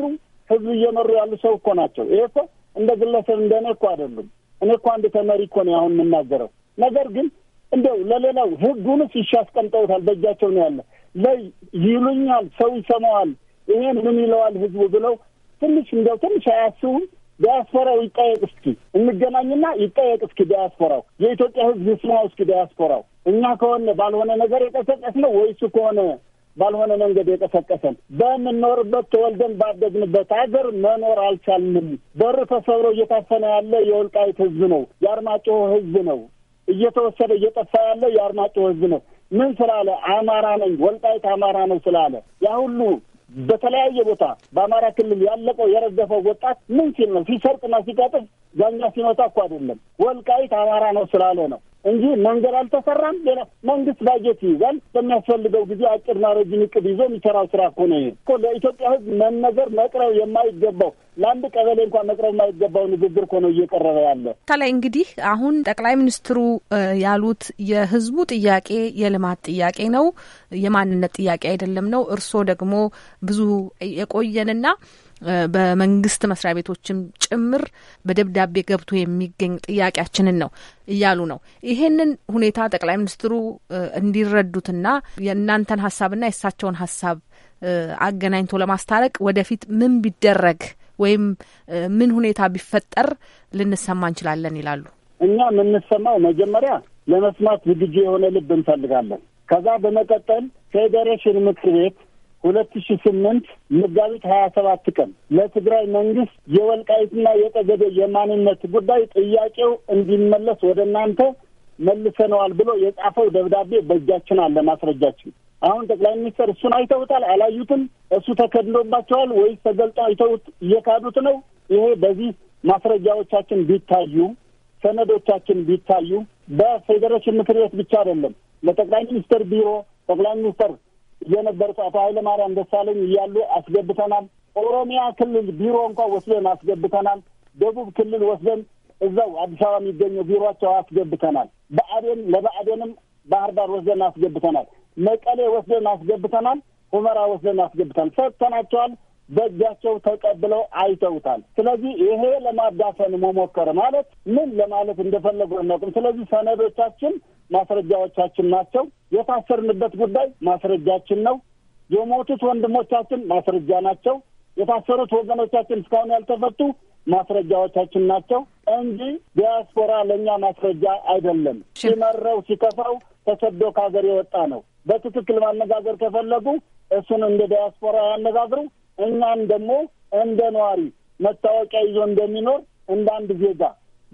ህዝብ እየመሩ ያሉ ሰው እኮ ናቸው። ይሄ እኮ እንደ ግለሰብ እንደ እኔ እኮ አይደሉም። እኔ እኮ አንድ ተመሪ እኮ ነው አሁን የምናገረው። ነገር ግን እንደው ለሌላው ህጉንስ ይሻ አስቀምጠውታል፣ በእጃቸው ነው ያለ። ለይ ይሉኛል፣ ሰው ይሰማዋል፣ ይሄን ምን ይለዋል ህዝቡ ብለው ትንሽ እንደው ትንሽ አያስቡም? ዲያስፖራው ይጠየቅ እስኪ፣ እንገናኝና ይጠየቅ እስኪ ዲያስፖራው፣ የኢትዮጵያ ህዝብ ይስማው እስኪ ዲያስፖራው። እኛ ከሆነ ባልሆነ ነገር የቀሰቀስ ነው ወይሱ ከሆነ ባልሆነ መንገድ የቀሰቀሰን በምንኖርበት ተወልደን ባደግንበት ሀገር መኖር አልቻልንም። በር ተሰብሮ እየታፈነ ያለ የወልቃይት ህዝብ ነው፣ የአርማጭሆ ህዝብ ነው። እየተወሰደ እየጠፋ ያለ የአርማጭሆ ህዝብ ነው። ምን ስላለ አማራ ነኝ ወልቃይት አማራ ነው ስላለ ያ ሁሉ በተለያየ ቦታ በአማራ ክልል ያለቀው የረገፈው ወጣት ምን ሲል ነው? ሲሰርቅና ሲቀጥፍ፣ ዛኛ ሲመታ እኮ አይደለም ወልቃይት አማራ ነው ስላለ ነው። እንጂ መንገድ አልተሰራም። ሌላ መንግስት ባጀት ይይዛል። በሚያስፈልገው ጊዜ አጭርና ረጅም እቅድ ይዞ የሚሰራው ስራ እኮ ነው። ይሄ ለኢትዮጵያ ህዝብ መነገር መቅረብ የማይገባው ለአንድ ቀበሌ እንኳን መቅረብ የማይገባው ንግግር እኮ ነው እየቀረበ ያለ። ከላይ እንግዲህ አሁን ጠቅላይ ሚኒስትሩ ያሉት የህዝቡ ጥያቄ የልማት ጥያቄ ነው፣ የማንነት ጥያቄ አይደለም ነው። እርስዎ ደግሞ ብዙ የቆየንና በመንግስት መስሪያ ቤቶችም ጭምር በደብዳቤ ገብቶ የሚገኝ ጥያቄያችንን ነው እያሉ ነው። ይሄንን ሁኔታ ጠቅላይ ሚኒስትሩ እንዲረዱትና የእናንተን ሀሳብና የእሳቸውን ሀሳብ አገናኝቶ ለማስታረቅ ወደፊት ምን ቢደረግ ወይም ምን ሁኔታ ቢፈጠር ልንሰማ እንችላለን ይላሉ። እኛ የምንሰማው መጀመሪያ ለመስማት ዝግጁ የሆነ ልብ እንፈልጋለን። ከዛ በመቀጠል ፌዴሬሽን ምክር ቤት ሁለት ሺ ስምንት መጋቢት ሀያ ሰባት ቀን ለትግራይ መንግስት የወልቃይትና የጠገበ የማንነት ጉዳይ ጥያቄው እንዲመለስ ወደ እናንተ መልሰነዋል ብሎ የጻፈው ደብዳቤ በእጃችን አለ፣ ማስረጃችን። አሁን ጠቅላይ ሚኒስትር እሱን አይተውታል? አላዩትም? እሱ ተከድሎባቸዋል ወይስ ተገልጦ አይተውት እየካዱት ነው? ይሄ በዚህ ማስረጃዎቻችን ቢታዩ ሰነዶቻችን ቢታዩ በፌዴሬሽን ምክር ቤት ብቻ አይደለም ለጠቅላይ ሚኒስትር ቢሮ ጠቅላይ ሚኒስትር የነበሩት አቶ ኃይለማርያም ደሳለኝ እያሉ አስገብተናል። ኦሮሚያ ክልል ቢሮ እንኳ ወስደን አስገብተናል። ደቡብ ክልል ወስደን እዛው አዲስ አበባ የሚገኘው ቢሮቸው አስገብተናል። በአዴን ለበአዴንም ባህር ዳር ወስደን አስገብተናል። መቀሌ ወስደን አስገብተናል። ሁመራ ወስደን አስገብተናል። ሰጥተናቸዋል። በእጃቸው ተቀብለው አይተውታል። ስለዚህ ይሄ ለማዳፈን መሞከር ማለት ምን ለማለት እንደፈለጉ አናውቅም። ስለዚህ ሰነዶቻችን ማስረጃዎቻችን ናቸው። የታሰርንበት ጉዳይ ማስረጃችን ነው። የሞቱት ወንድሞቻችን ማስረጃ ናቸው። የታሰሩት ወገኖቻችን እስካሁን ያልተፈቱ ማስረጃዎቻችን ናቸው እንጂ ዲያስፖራ ለእኛ ማስረጃ አይደለም። ሲመረው ሲከፋው ተሰዶ ከሀገር የወጣ ነው። በትክክል ማነጋገር ከፈለጉ እሱን እንደ ዲያስፖራ ያነጋግሩ። እኛም ደግሞ እንደ ነዋሪ መታወቂያ ይዞ እንደሚኖር እንደ አንድ ዜጋ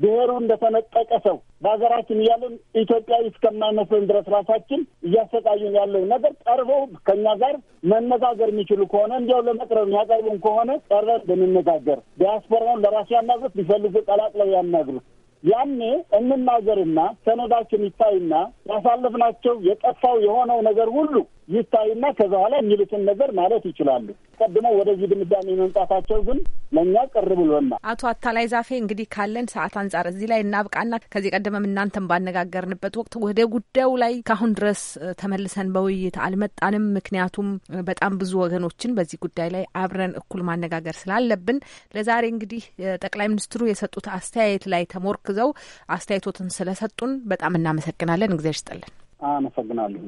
ብሔሩ እንደተነጠቀ ሰው በሀገራችን እያለን ኢትዮጵያዊ እስከማይመስለን ድረስ ራሳችን እያሰቃዩን ያለው ነገር ቀርበው ከኛ ጋር መነጋገር የሚችሉ ከሆነ እንዲያው ለመቅረብ የሚያቀርቡን ከሆነ ቀርበን ብንነጋገር፣ ዲያስፖራውን ለራሱ ያናግሩት፣ ቢፈልጉ ቀላቅለው ያናግሩት። ያኔ እንናገርና ሰነዳችን ይታይና ያሳለፍናቸው የጠፋው የሆነው ነገር ሁሉ ይታይና ከዛ በኋላ የሚሉትን ነገር ማለት ይችላሉ። ቀድመው ወደዚህ ድምዳሜ መምጣታቸው ግን ለእኛ ቅር ብሎና አቶ አታላይ ዛፌ እንግዲህ ካለን ሰዓት አንጻር እዚህ ላይ እናብቃና ከዚህ ቀደመም እናንተን ባነጋገርንበት ወቅት ወደ ጉዳዩ ላይ ካሁን ድረስ ተመልሰን በውይይት አልመጣንም። ምክንያቱም በጣም ብዙ ወገኖችን በዚህ ጉዳይ ላይ አብረን እኩል ማነጋገር ስላለብን ለዛሬ እንግዲህ ጠቅላይ ሚኒስትሩ የሰጡት አስተያየት ላይ ተሞርክ ተመርኩዘው አስተያየቶትን ስለሰጡን በጣም እናመሰግናለን። እግዚአብሔር ይስጥልን። አመሰግናለሁ።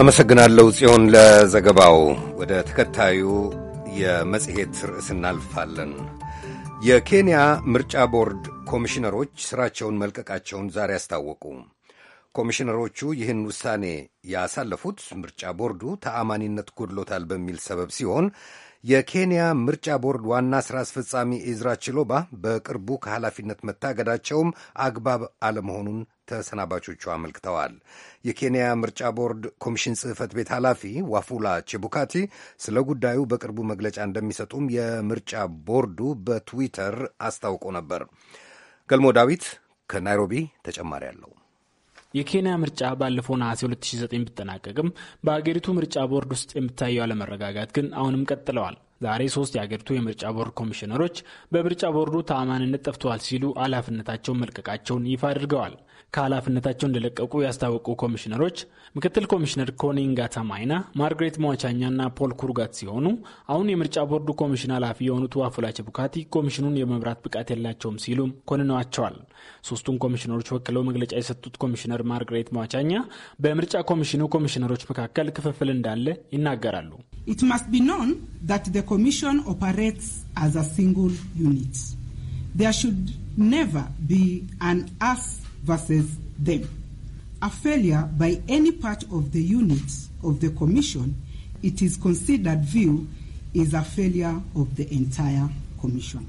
አመሰግናለሁ ጽዮን ለዘገባው። ወደ ተከታዩ የመጽሔት ርዕስ እናልፋለን። የኬንያ ምርጫ ቦርድ ኮሚሽነሮች ሥራቸውን መልቀቃቸውን ዛሬ አስታወቁ። ኮሚሽነሮቹ ይህን ውሳኔ ያሳለፉት ምርጫ ቦርዱ ተአማኒነት ጎድሎታል በሚል ሰበብ ሲሆን የኬንያ ምርጫ ቦርድ ዋና ሥራ አስፈጻሚ ኢዝራ ችሎባ በቅርቡ ከኃላፊነት መታገዳቸውም አግባብ አለመሆኑን ተሰናባቾቹ አመልክተዋል። የኬንያ ምርጫ ቦርድ ኮሚሽን ጽሕፈት ቤት ኃላፊ ዋፉላ ቼቡካቲ ስለ ጉዳዩ በቅርቡ መግለጫ እንደሚሰጡም የምርጫ ቦርዱ በትዊተር አስታውቆ ነበር። ገልሞ ዳዊት ከናይሮቢ ተጨማሪ አለው። የኬንያ ምርጫ ባለፈው ነሐሴ 2009 ቢጠናቀቅም በአገሪቱ ምርጫ ቦርድ ውስጥ የሚታየው አለመረጋጋት ግን አሁንም ቀጥለዋል። ዛሬ ሶስት የአገሪቱ የምርጫ ቦርድ ኮሚሽነሮች በምርጫ ቦርዱ ተአማንነት ጠፍተዋል ሲሉ ኃላፊነታቸውን መልቀቃቸውን ይፋ አድርገዋል። ከኃላፊነታቸው እንደለቀቁ ያስታወቁ ኮሚሽነሮች ምክትል ኮሚሽነር ኮኒንጋ ማይና፣ ማርግሬት መዋቻኛና ፖል ኩርጋት ሲሆኑ አሁን የምርጫ ቦርዱ ኮሚሽን ኃላፊ የሆኑት ዋፉላቸ ቡካቲ ኮሚሽኑን የመምራት ብቃት የላቸውም ሲሉም ኮንነዋቸዋል። ሶስቱን ኮሚሽነሮች ወክለው መግለጫ የሰጡት ኮሚሽነር ማርግሬት መዋቻኛ በምርጫ ኮሚሽኑ ኮሚሽነሮች መካከል ክፍፍል እንዳለ ይናገራሉ። It must be known that versus them. A failure by any part of the unit of the Commission, it is considered view is a failure of the entire Commission.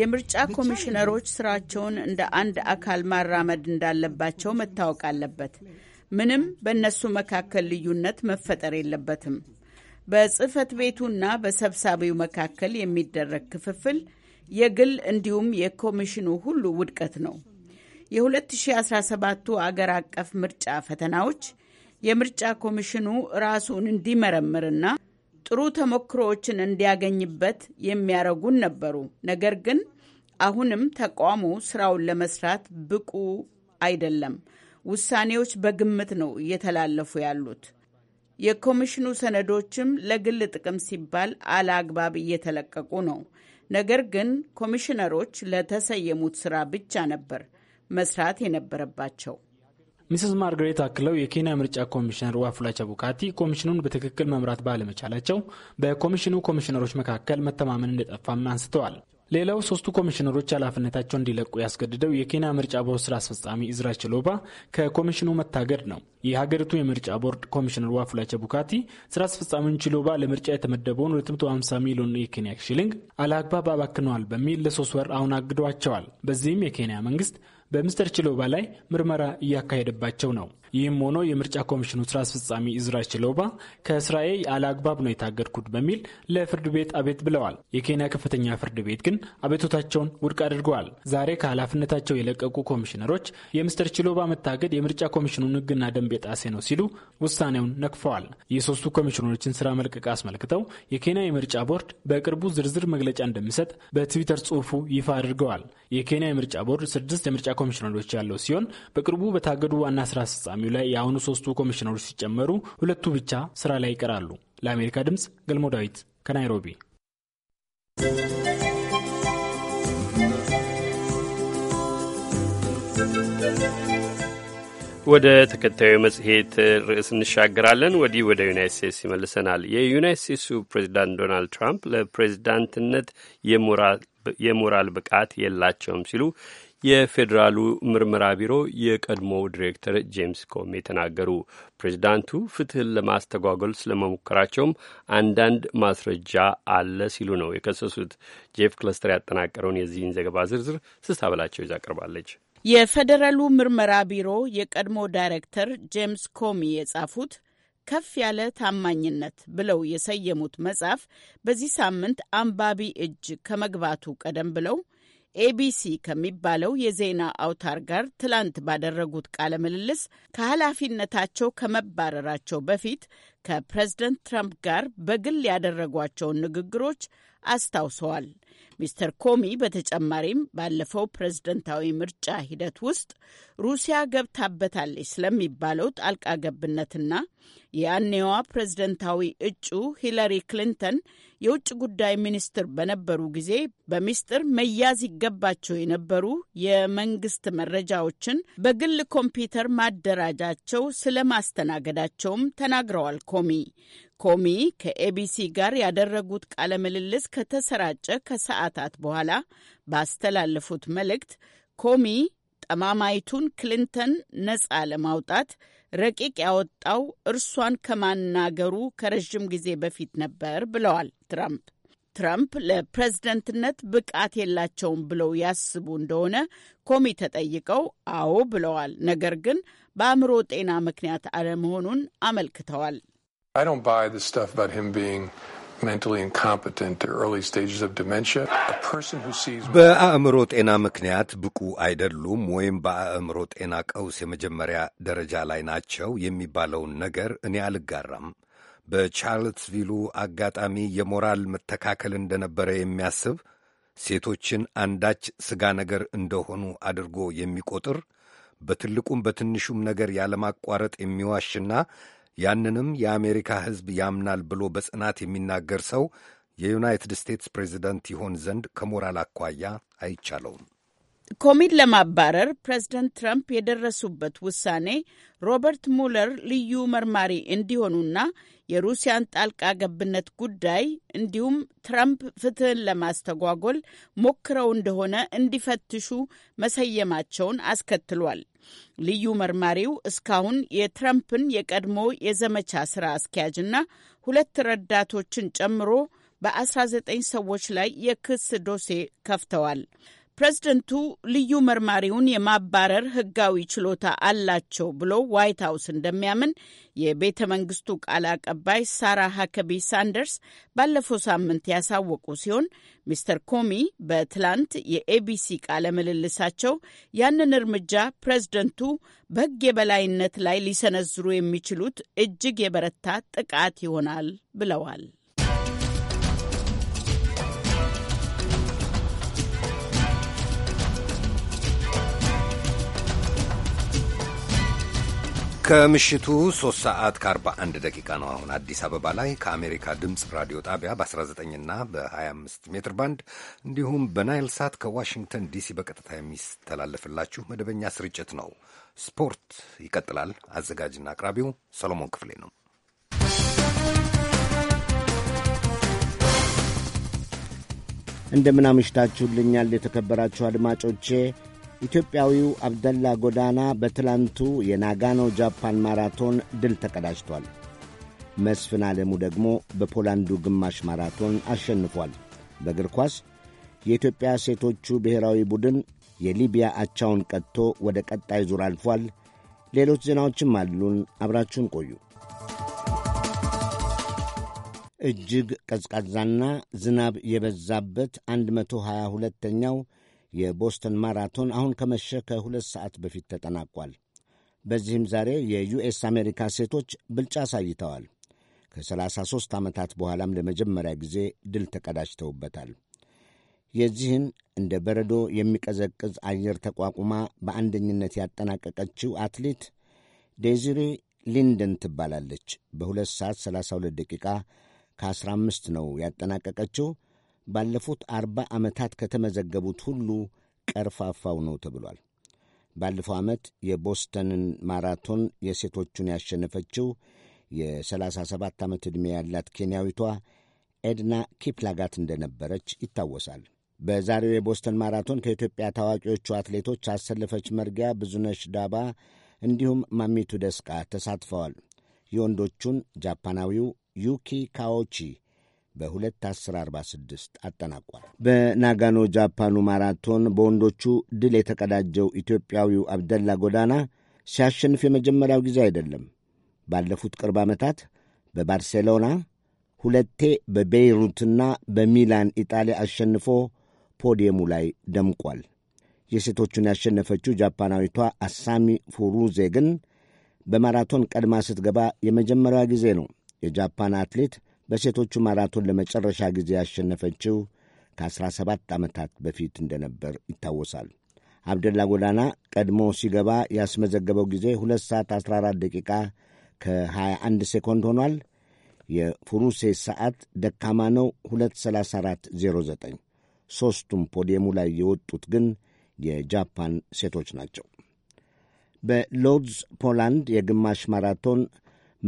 የምርጫ ኮሚሽነሮች ስራቸውን እንደ አንድ አካል ማራመድ እንዳለባቸው መታወቅ አለበት። ምንም በእነሱ መካከል ልዩነት መፈጠር የለበትም። በጽህፈት ቤቱና በሰብሳቢው መካከል የሚደረግ ክፍፍል የግል እንዲሁም የኮሚሽኑ ሁሉ ውድቀት ነው። የ2017ቱ አገር አቀፍ ምርጫ ፈተናዎች የምርጫ ኮሚሽኑ ራሱን እንዲመረምርና ጥሩ ተሞክሮዎችን እንዲያገኝበት የሚያደርጉን ነበሩ። ነገር ግን አሁንም ተቋሙ ስራውን ለመስራት ብቁ አይደለም። ውሳኔዎች በግምት ነው እየተላለፉ ያሉት። የኮሚሽኑ ሰነዶችም ለግል ጥቅም ሲባል አለአግባብ እየተለቀቁ ነው። ነገር ግን ኮሚሽነሮች ለተሰየሙት ስራ ብቻ ነበር መስራት የነበረባቸው። ሚስስ ማርግሬት አክለው የኬንያ ምርጫ ኮሚሽነር ዋፉላ ቸቡካቲ ኮሚሽኑን በትክክል መምራት ባለመቻላቸው በኮሚሽኑ ኮሚሽነሮች መካከል መተማመን እንደጠፋም አንስተዋል። ሌላው ሶስቱ ኮሚሽነሮች ኃላፊነታቸውን እንዲለቁ ያስገድደው የኬንያ ምርጫ ቦርድ ስራ አስፈጻሚ እዝራ ችሎባ ከኮሚሽኑ መታገድ ነው። የሀገሪቱ የምርጫ ቦርድ ኮሚሽነር ዋፉላ ቸቡካቲ ስራ አስፈጻሚውን ችሎባ ለምርጫ የተመደበውን 250 ሚሊዮን የኬንያ ሽሊንግ አለአግባብ አባክነዋል በሚል ለሶስት ወር አሁን አግደዋቸዋል። በዚህም የኬንያ መንግስት በሚስተር ችሎባ ላይ ምርመራ እያካሄደባቸው ነው። ይህም ሆኖ የምርጫ ኮሚሽኑ ስራ አስፈጻሚ ኢዝራ ችሎባ ከስራዬ አለአግባብ ነው የታገድኩት በሚል ለፍርድ ቤት አቤት ብለዋል። የኬንያ ከፍተኛ ፍርድ ቤት ግን አቤቶታቸውን ውድቅ አድርገዋል። ዛሬ ከኃላፊነታቸው የለቀቁ ኮሚሽነሮች የምስተር ችሎባ መታገድ የምርጫ ኮሚሽኑን ሕግና ደንብ የጣሴ ነው ሲሉ ውሳኔውን ነቅፈዋል። የሶስቱ ኮሚሽነሮችን ስራ መልቀቅ አስመልክተው የኬንያ የምርጫ ቦርድ በቅርቡ ዝርዝር መግለጫ እንደሚሰጥ በትዊተር ጽሑፉ ይፋ አድርገዋል። የኬንያ የምርጫ ቦርድ ስድስት የምርጫ ኮሚሽነሮች ያለው ሲሆን በቅርቡ በታገዱ ዋና ስራ አስፈጻሚ በተሿሚው ላይ የአሁኑ ሶስቱ ኮሚሽነሮች ሲጨመሩ ሁለቱ ብቻ ስራ ላይ ይቀራሉ። ለአሜሪካ ድምፅ ገልሞ ዳዊት ከናይሮቢ። ወደ ተከታዩ መጽሔት ርዕስ እንሻገራለን። ወዲህ ወደ ዩናይት ስቴትስ ይመልሰናል። የዩናይት ስቴትሱ ፕሬዚዳንት ዶናልድ ትራምፕ ለፕሬዚዳንትነት የሞራል ብቃት የላቸውም ሲሉ የፌዴራሉ ምርመራ ቢሮ የቀድሞው ዲሬክተር ጄምስ ኮሚ ተናገሩ። ፕሬዚዳንቱ ፍትህን ለማስተጓጎል ስለመሞከራቸውም አንዳንድ ማስረጃ አለ ሲሉ ነው የከሰሱት። ጄፍ ክለስተር ያጠናቀረውን የዚህን ዘገባ ዝርዝር ስሳ በላቸው ይዛ ቀርባለች። የፌዴራሉ ምርመራ ቢሮ የቀድሞ ዳይሬክተር ጄምስ ኮሚ የጻፉት ከፍ ያለ ታማኝነት ብለው የሰየሙት መጽሐፍ በዚህ ሳምንት አንባቢ እጅ ከመግባቱ ቀደም ብለው ኤቢሲ ከሚባለው የዜና አውታር ጋር ትላንት ባደረጉት ቃለ ምልልስ ከኃላፊነታቸው ከመባረራቸው በፊት ከፕሬዝደንት ትራምፕ ጋር በግል ያደረጓቸውን ንግግሮች አስታውሰዋል። ሚስተር ኮሚ በተጨማሪም ባለፈው ፕሬዝደንታዊ ምርጫ ሂደት ውስጥ ሩሲያ ገብታበታለች ስለሚባለው ጣልቃ ገብነትና የያኔዋ ፕሬዝደንታዊ እጩ ሂለሪ ክሊንተን የውጭ ጉዳይ ሚኒስትር በነበሩ ጊዜ በሚስጥር መያዝ ይገባቸው የነበሩ የመንግስት መረጃዎችን በግል ኮምፒውተር ማደራጃቸው ስለማስተናገዳቸውም ተናግረዋል። ኮሚ ኮሚ ከኤቢሲ ጋር ያደረጉት ቃለ ምልልስ ከተሰራጨ ከሰዓታት በኋላ ባስተላለፉት መልእክት ኮሚ ጠማማይቱን ክሊንተን ነጻ ለማውጣት ረቂቅ ያወጣው እርሷን ከማናገሩ ከረዥም ጊዜ በፊት ነበር ብለዋል ትራምፕ። ትራምፕ ለፕሬዝደንትነት ብቃት የላቸውም ብለው ያስቡ እንደሆነ ኮሚ ተጠይቀው አዎ ብለዋል። ነገር ግን በአእምሮ ጤና ምክንያት አለመሆኑን አመልክተዋል። I don't buy this stuff about him being በአእምሮ ጤና ምክንያት ብቁ አይደሉም ወይም በአእምሮ ጤና ቀውስ የመጀመሪያ ደረጃ ላይ ናቸው የሚባለውን ነገር እኔ አልጋራም። በቻርልስቪሉ አጋጣሚ የሞራል መተካከል እንደነበረ የሚያስብ ሴቶችን አንዳች ሥጋ ነገር እንደሆኑ አድርጎ የሚቆጥር በትልቁም በትንሹም ነገር ያለማቋረጥ የሚዋሽና ያንንም የአሜሪካ ሕዝብ ያምናል ብሎ በጽናት የሚናገር ሰው የዩናይትድ ስቴትስ ፕሬዚደንት ይሆን ዘንድ ከሞራል አኳያ አይቻለውም። ኮሚን ለማባረር ፕሬዚደንት ትራምፕ የደረሱበት ውሳኔ ሮበርት ሙለር ልዩ መርማሪ እንዲሆኑና የሩሲያን ጣልቃ ገብነት ጉዳይ እንዲሁም ትራምፕ ፍትህን ለማስተጓጎል ሞክረው እንደሆነ እንዲፈትሹ መሰየማቸውን አስከትሏል። ልዩ መርማሪው እስካሁን የትረምፕን የቀድሞ የዘመቻ ስራ አስኪያጅና ሁለት ረዳቶችን ጨምሮ በ19 ሰዎች ላይ የክስ ዶሴ ከፍተዋል። ፕሬዝደንቱ ልዩ መርማሪውን የማባረር ህጋዊ ችሎታ አላቸው ብሎ ዋይት ሀውስ እንደሚያምን የቤተ መንግስቱ ቃል አቀባይ ሳራ ሀከቢ ሳንደርስ ባለፈው ሳምንት ያሳወቁ ሲሆን ሚስተር ኮሚ በትላንት የኤቢሲ ቃለ ምልልሳቸው ያንን እርምጃ ፕሬዝደንቱ በህግ የበላይነት ላይ ሊሰነዝሩ የሚችሉት እጅግ የበረታ ጥቃት ይሆናል ብለዋል። ከምሽቱ 3 ሰዓት ከ41 ደቂቃ ነው። አሁን አዲስ አበባ ላይ ከአሜሪካ ድምፅ ራዲዮ ጣቢያ በ19 እና በ25 ሜትር ባንድ እንዲሁም በናይል ሳት ከዋሽንግተን ዲሲ በቀጥታ የሚስተላለፍላችሁ መደበኛ ስርጭት ነው። ስፖርት ይቀጥላል። አዘጋጅና አቅራቢው ሰሎሞን ክፍሌ ነው። እንደምን አምሽታችሁልኛል የተከበራችሁ አድማጮቼ። ኢትዮጵያዊው አብደላ ጎዳና በትላንቱ የናጋኖ ጃፓን ማራቶን ድል ተቀዳጅቷል። መስፍን ዓለሙ ደግሞ በፖላንዱ ግማሽ ማራቶን አሸንፏል። በእግር ኳስ የኢትዮጵያ ሴቶቹ ብሔራዊ ቡድን የሊቢያ አቻውን ቀጥቶ ወደ ቀጣይ ዙር አልፏል። ሌሎች ዜናዎችም አሉን። አብራችሁን ቆዩ። እጅግ ቀዝቃዛና ዝናብ የበዛበት 122ኛው የቦስተን ማራቶን አሁን ከመሸ ከሁለት ሰዓት በፊት ተጠናቋል። በዚህም ዛሬ የዩኤስ አሜሪካ ሴቶች ብልጫ አሳይተዋል። ከ33 ዓመታት በኋላም ለመጀመሪያ ጊዜ ድል ተቀዳጅተውበታል። የዚህን እንደ በረዶ የሚቀዘቅዝ አየር ተቋቁማ በአንደኝነት ያጠናቀቀችው አትሌት ዴዚሪ ሊንደን ትባላለች። በ2 ሰዓት 32 ደቂቃ ከ15 ነው ያጠናቀቀችው። ባለፉት አርባ ዓመታት ከተመዘገቡት ሁሉ ቀርፋፋው ነው ተብሏል። ባለፈው ዓመት የቦስተንን ማራቶን የሴቶቹን ያሸነፈችው የ37 ዓመት ዕድሜ ያላት ኬንያዊቷ ኤድና ኪፕላጋት እንደነበረች ይታወሳል። በዛሬው የቦስተን ማራቶን ከኢትዮጵያ ታዋቂዎቹ አትሌቶች አሰለፈች መርጊያ፣ ብዙነሽ ዳባ እንዲሁም ማሚቱ ደስቃ ተሳትፈዋል። የወንዶቹን ጃፓናዊው ዩኪ ካዎቺ በ2፡10፡46 አጠናቋል። በናጋኖ ጃፓኑ ማራቶን በወንዶቹ ድል የተቀዳጀው ኢትዮጵያዊው አብደላ ጎዳና ሲያሸንፍ የመጀመሪያው ጊዜ አይደለም። ባለፉት ቅርብ ዓመታት በባርሴሎና ሁለቴ በቤይሩትና በሚላን ኢጣሊያ አሸንፎ ፖዲየሙ ላይ ደምቋል። የሴቶቹን ያሸነፈችው ጃፓናዊቷ አሳሚ ፉሩዜ ግን በማራቶን ቀድማ ስትገባ የመጀመሪያ ጊዜ ነው። የጃፓን አትሌት በሴቶቹ ማራቶን ለመጨረሻ ጊዜ ያሸነፈችው ከ17 ዓመታት በፊት እንደነበር ይታወሳል። አብደላ ጎዳና ቀድሞ ሲገባ ያስመዘገበው ጊዜ 2 ሰዓት 14 ደቂቃ ከ21 ሴኮንድ ሆኗል። የፉሩሴ ሰዓት ደካማ ነው፣ 23409 ሦስቱም ፖዲየሙ ላይ የወጡት ግን የጃፓን ሴቶች ናቸው። በሎድዝ ፖላንድ የግማሽ ማራቶን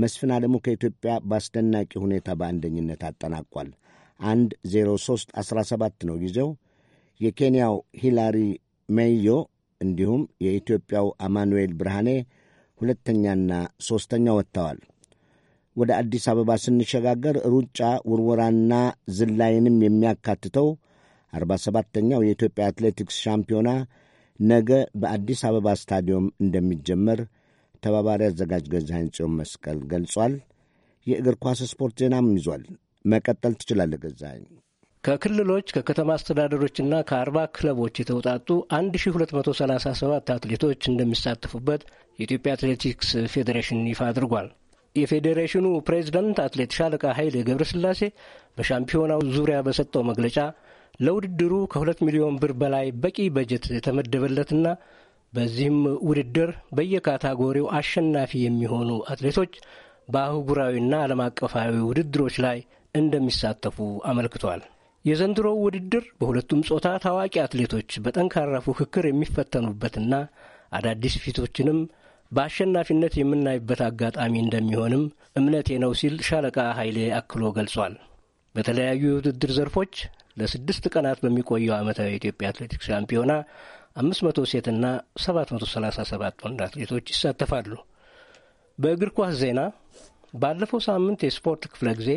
መስፍን አለሙ ከኢትዮጵያ በአስደናቂ ሁኔታ በአንደኝነት አጠናቋል። 1 03 17 ነው ጊዜው። የኬንያው ሂላሪ ሜዮ እንዲሁም የኢትዮጵያው አማኑኤል ብርሃኔ ሁለተኛና ሦስተኛ ወጥተዋል። ወደ አዲስ አበባ ስንሸጋገር ሩጫ ውርወራና ዝላይንም የሚያካትተው 47ኛው የኢትዮጵያ አትሌቲክስ ሻምፒዮና ነገ በአዲስ አበባ ስታዲየም እንደሚጀመር ተባባሪ አዘጋጅ ገዛኸኝ ጽዮን መስቀል ገልጿል። የእግር ኳስ ስፖርት ዜናም ይዟል። መቀጠል ትችላለህ ገዛኸኝ። ከክልሎች ከከተማ አስተዳደሮችና ከአርባ ክለቦች የተውጣጡ 1237 አትሌቶች እንደሚሳተፉበት የኢትዮጵያ አትሌቲክስ ፌዴሬሽን ይፋ አድርጓል። የፌዴሬሽኑ ፕሬዝዳንት አትሌት ሻለቃ ኃይሌ ገብረስላሴ በሻምፒዮናው ዙሪያ በሰጠው መግለጫ ለውድድሩ ከሁለት ሚሊዮን ብር በላይ በቂ በጀት የተመደበለትና በዚህም ውድድር በየካታጎሪው አሸናፊ የሚሆኑ አትሌቶች በአህጉራዊና ዓለም አቀፋዊ ውድድሮች ላይ እንደሚሳተፉ አመልክቷል። የዘንድሮው ውድድር በሁለቱም ጾታ ታዋቂ አትሌቶች በጠንካራ ፉክክር የሚፈተኑበትና አዳዲስ ፊቶችንም በአሸናፊነት የምናይበት አጋጣሚ እንደሚሆንም እምነቴ ነው ሲል ሻለቃ ኃይሌ አክሎ ገልጿል። በተለያዩ የውድድር ዘርፎች ለስድስት ቀናት በሚቆየው ዓመታዊ የኢትዮጵያ አትሌቲክስ ሻምፒዮና አምስት መቶ ሴትና ሰባት መቶ ሰላሳ ሰባት ወንድ አትሌቶች ይሳተፋሉ። በእግር ኳስ ዜና ባለፈው ሳምንት የስፖርት ክፍለ ጊዜ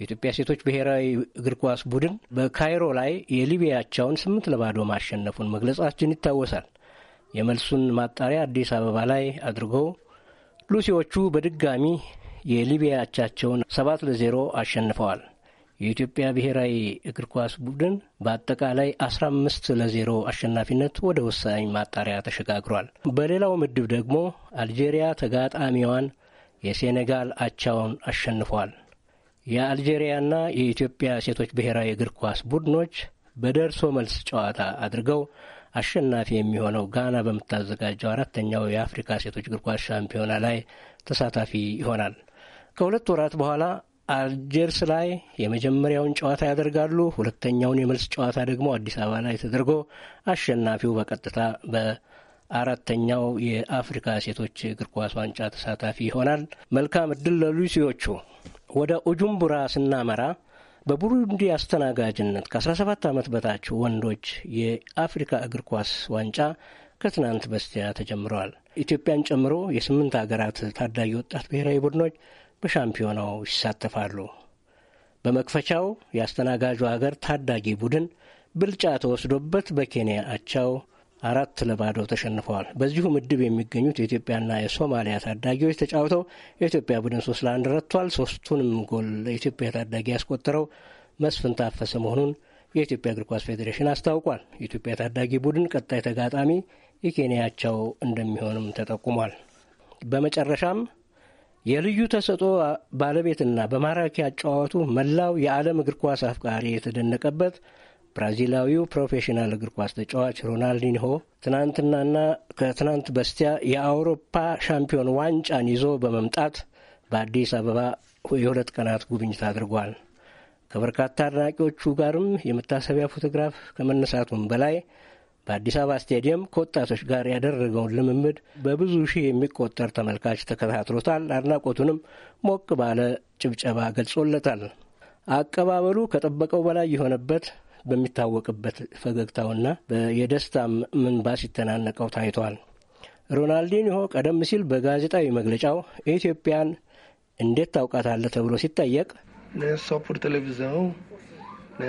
የኢትዮጵያ ሴቶች ብሔራዊ እግር ኳስ ቡድን በካይሮ ላይ የሊቢያቸውን ስምንት ለባዶ ማሸነፉን መግለጻችን ይታወሳል። የመልሱን ማጣሪያ አዲስ አበባ ላይ አድርገው ሉሲዎቹ በድጋሚ የሊቢያ አቻቸውን ሰባት ለዜሮ አሸንፈዋል። የኢትዮጵያ ብሔራዊ እግር ኳስ ቡድን በአጠቃላይ 15 ለዜ0 አሸናፊነት ወደ ወሳኝ ማጣሪያ ተሸጋግሯል። በሌላው ምድብ ደግሞ አልጄሪያ ተጋጣሚዋን የሴኔጋል አቻውን አሸንፏል። የአልጄሪያና የኢትዮጵያ ሴቶች ብሔራዊ እግር ኳስ ቡድኖች በደርሶ መልስ ጨዋታ አድርገው አሸናፊ የሚሆነው ጋና በምታዘጋጀው አራተኛው የአፍሪካ ሴቶች እግር ኳስ ሻምፒዮና ላይ ተሳታፊ ይሆናል። ከሁለት ወራት በኋላ አልጀርስ ላይ የመጀመሪያውን ጨዋታ ያደርጋሉ። ሁለተኛውን የመልስ ጨዋታ ደግሞ አዲስ አበባ ላይ ተደርጎ አሸናፊው በቀጥታ በአራተኛው የአፍሪካ ሴቶች እግር ኳስ ዋንጫ ተሳታፊ ይሆናል። መልካም እድል ለሉሲዎቹ። ወደ ኡጁምቡራ ስናመራ በቡሩንዲ አስተናጋጅነት ከ17 ዓመት በታች ወንዶች የአፍሪካ እግር ኳስ ዋንጫ ከትናንት በስቲያ ተጀምረዋል። ኢትዮጵያን ጨምሮ የስምንት ሀገራት ታዳጊ ወጣት ብሔራዊ ቡድኖች በሻምፒዮናው ይሳተፋሉ። በመክፈቻው የአስተናጋጁ አገር ታዳጊ ቡድን ብልጫ ተወስዶበት በኬንያ አቻው አራት ለባዶ ተሸንፈዋል። በዚሁ ምድብ የሚገኙት የኢትዮጵያና የሶማሊያ ታዳጊዎች ተጫውተው የኢትዮጵያ ቡድን ሶስት ለአንድ ረቷል። ሶስቱንም ጎል ለኢትዮጵያ ታዳጊ ያስቆጠረው መስፍን ታፈሰ መሆኑን የኢትዮጵያ እግር ኳስ ፌዴሬሽን አስታውቋል። የኢትዮጵያ ታዳጊ ቡድን ቀጣይ ተጋጣሚ የኬንያቸው እንደሚሆንም ተጠቁሟል። በመጨረሻም የልዩ ተሰጦ ባለቤትና በማራኪ አጫዋቱ መላው የዓለም እግር ኳስ አፍቃሪ የተደነቀበት ብራዚላዊው ፕሮፌሽናል እግር ኳስ ተጫዋች ሮናልዲንሆ ትናንትናና ከትናንት በስቲያ የአውሮፓ ሻምፒዮን ዋንጫን ይዞ በመምጣት በአዲስ አበባ የሁለት ቀናት ጉብኝት አድርጓል። ከበርካታ አድናቂዎቹ ጋርም የመታሰቢያ ፎቶግራፍ ከመነሳቱም በላይ በአዲስ አበባ ስቴዲየም ከወጣቶች ጋር ያደረገውን ልምምድ በብዙ ሺህ የሚቆጠር ተመልካች ተከታትሎታል። አድናቆቱንም ሞቅ ባለ ጭብጨባ ገልጾለታል። አቀባበሉ ከጠበቀው በላይ የሆነበት በሚታወቅበት ፈገግታውና የደስታም ምንባ ሲተናነቀው ታይቷል። ሮናልዲኒሆ ቀደም ሲል በጋዜጣዊ መግለጫው ኢትዮጵያን እንዴት ታውቃታለ ተብሎ ሲጠየቅ ሶ ፖር ቴሌቪዛው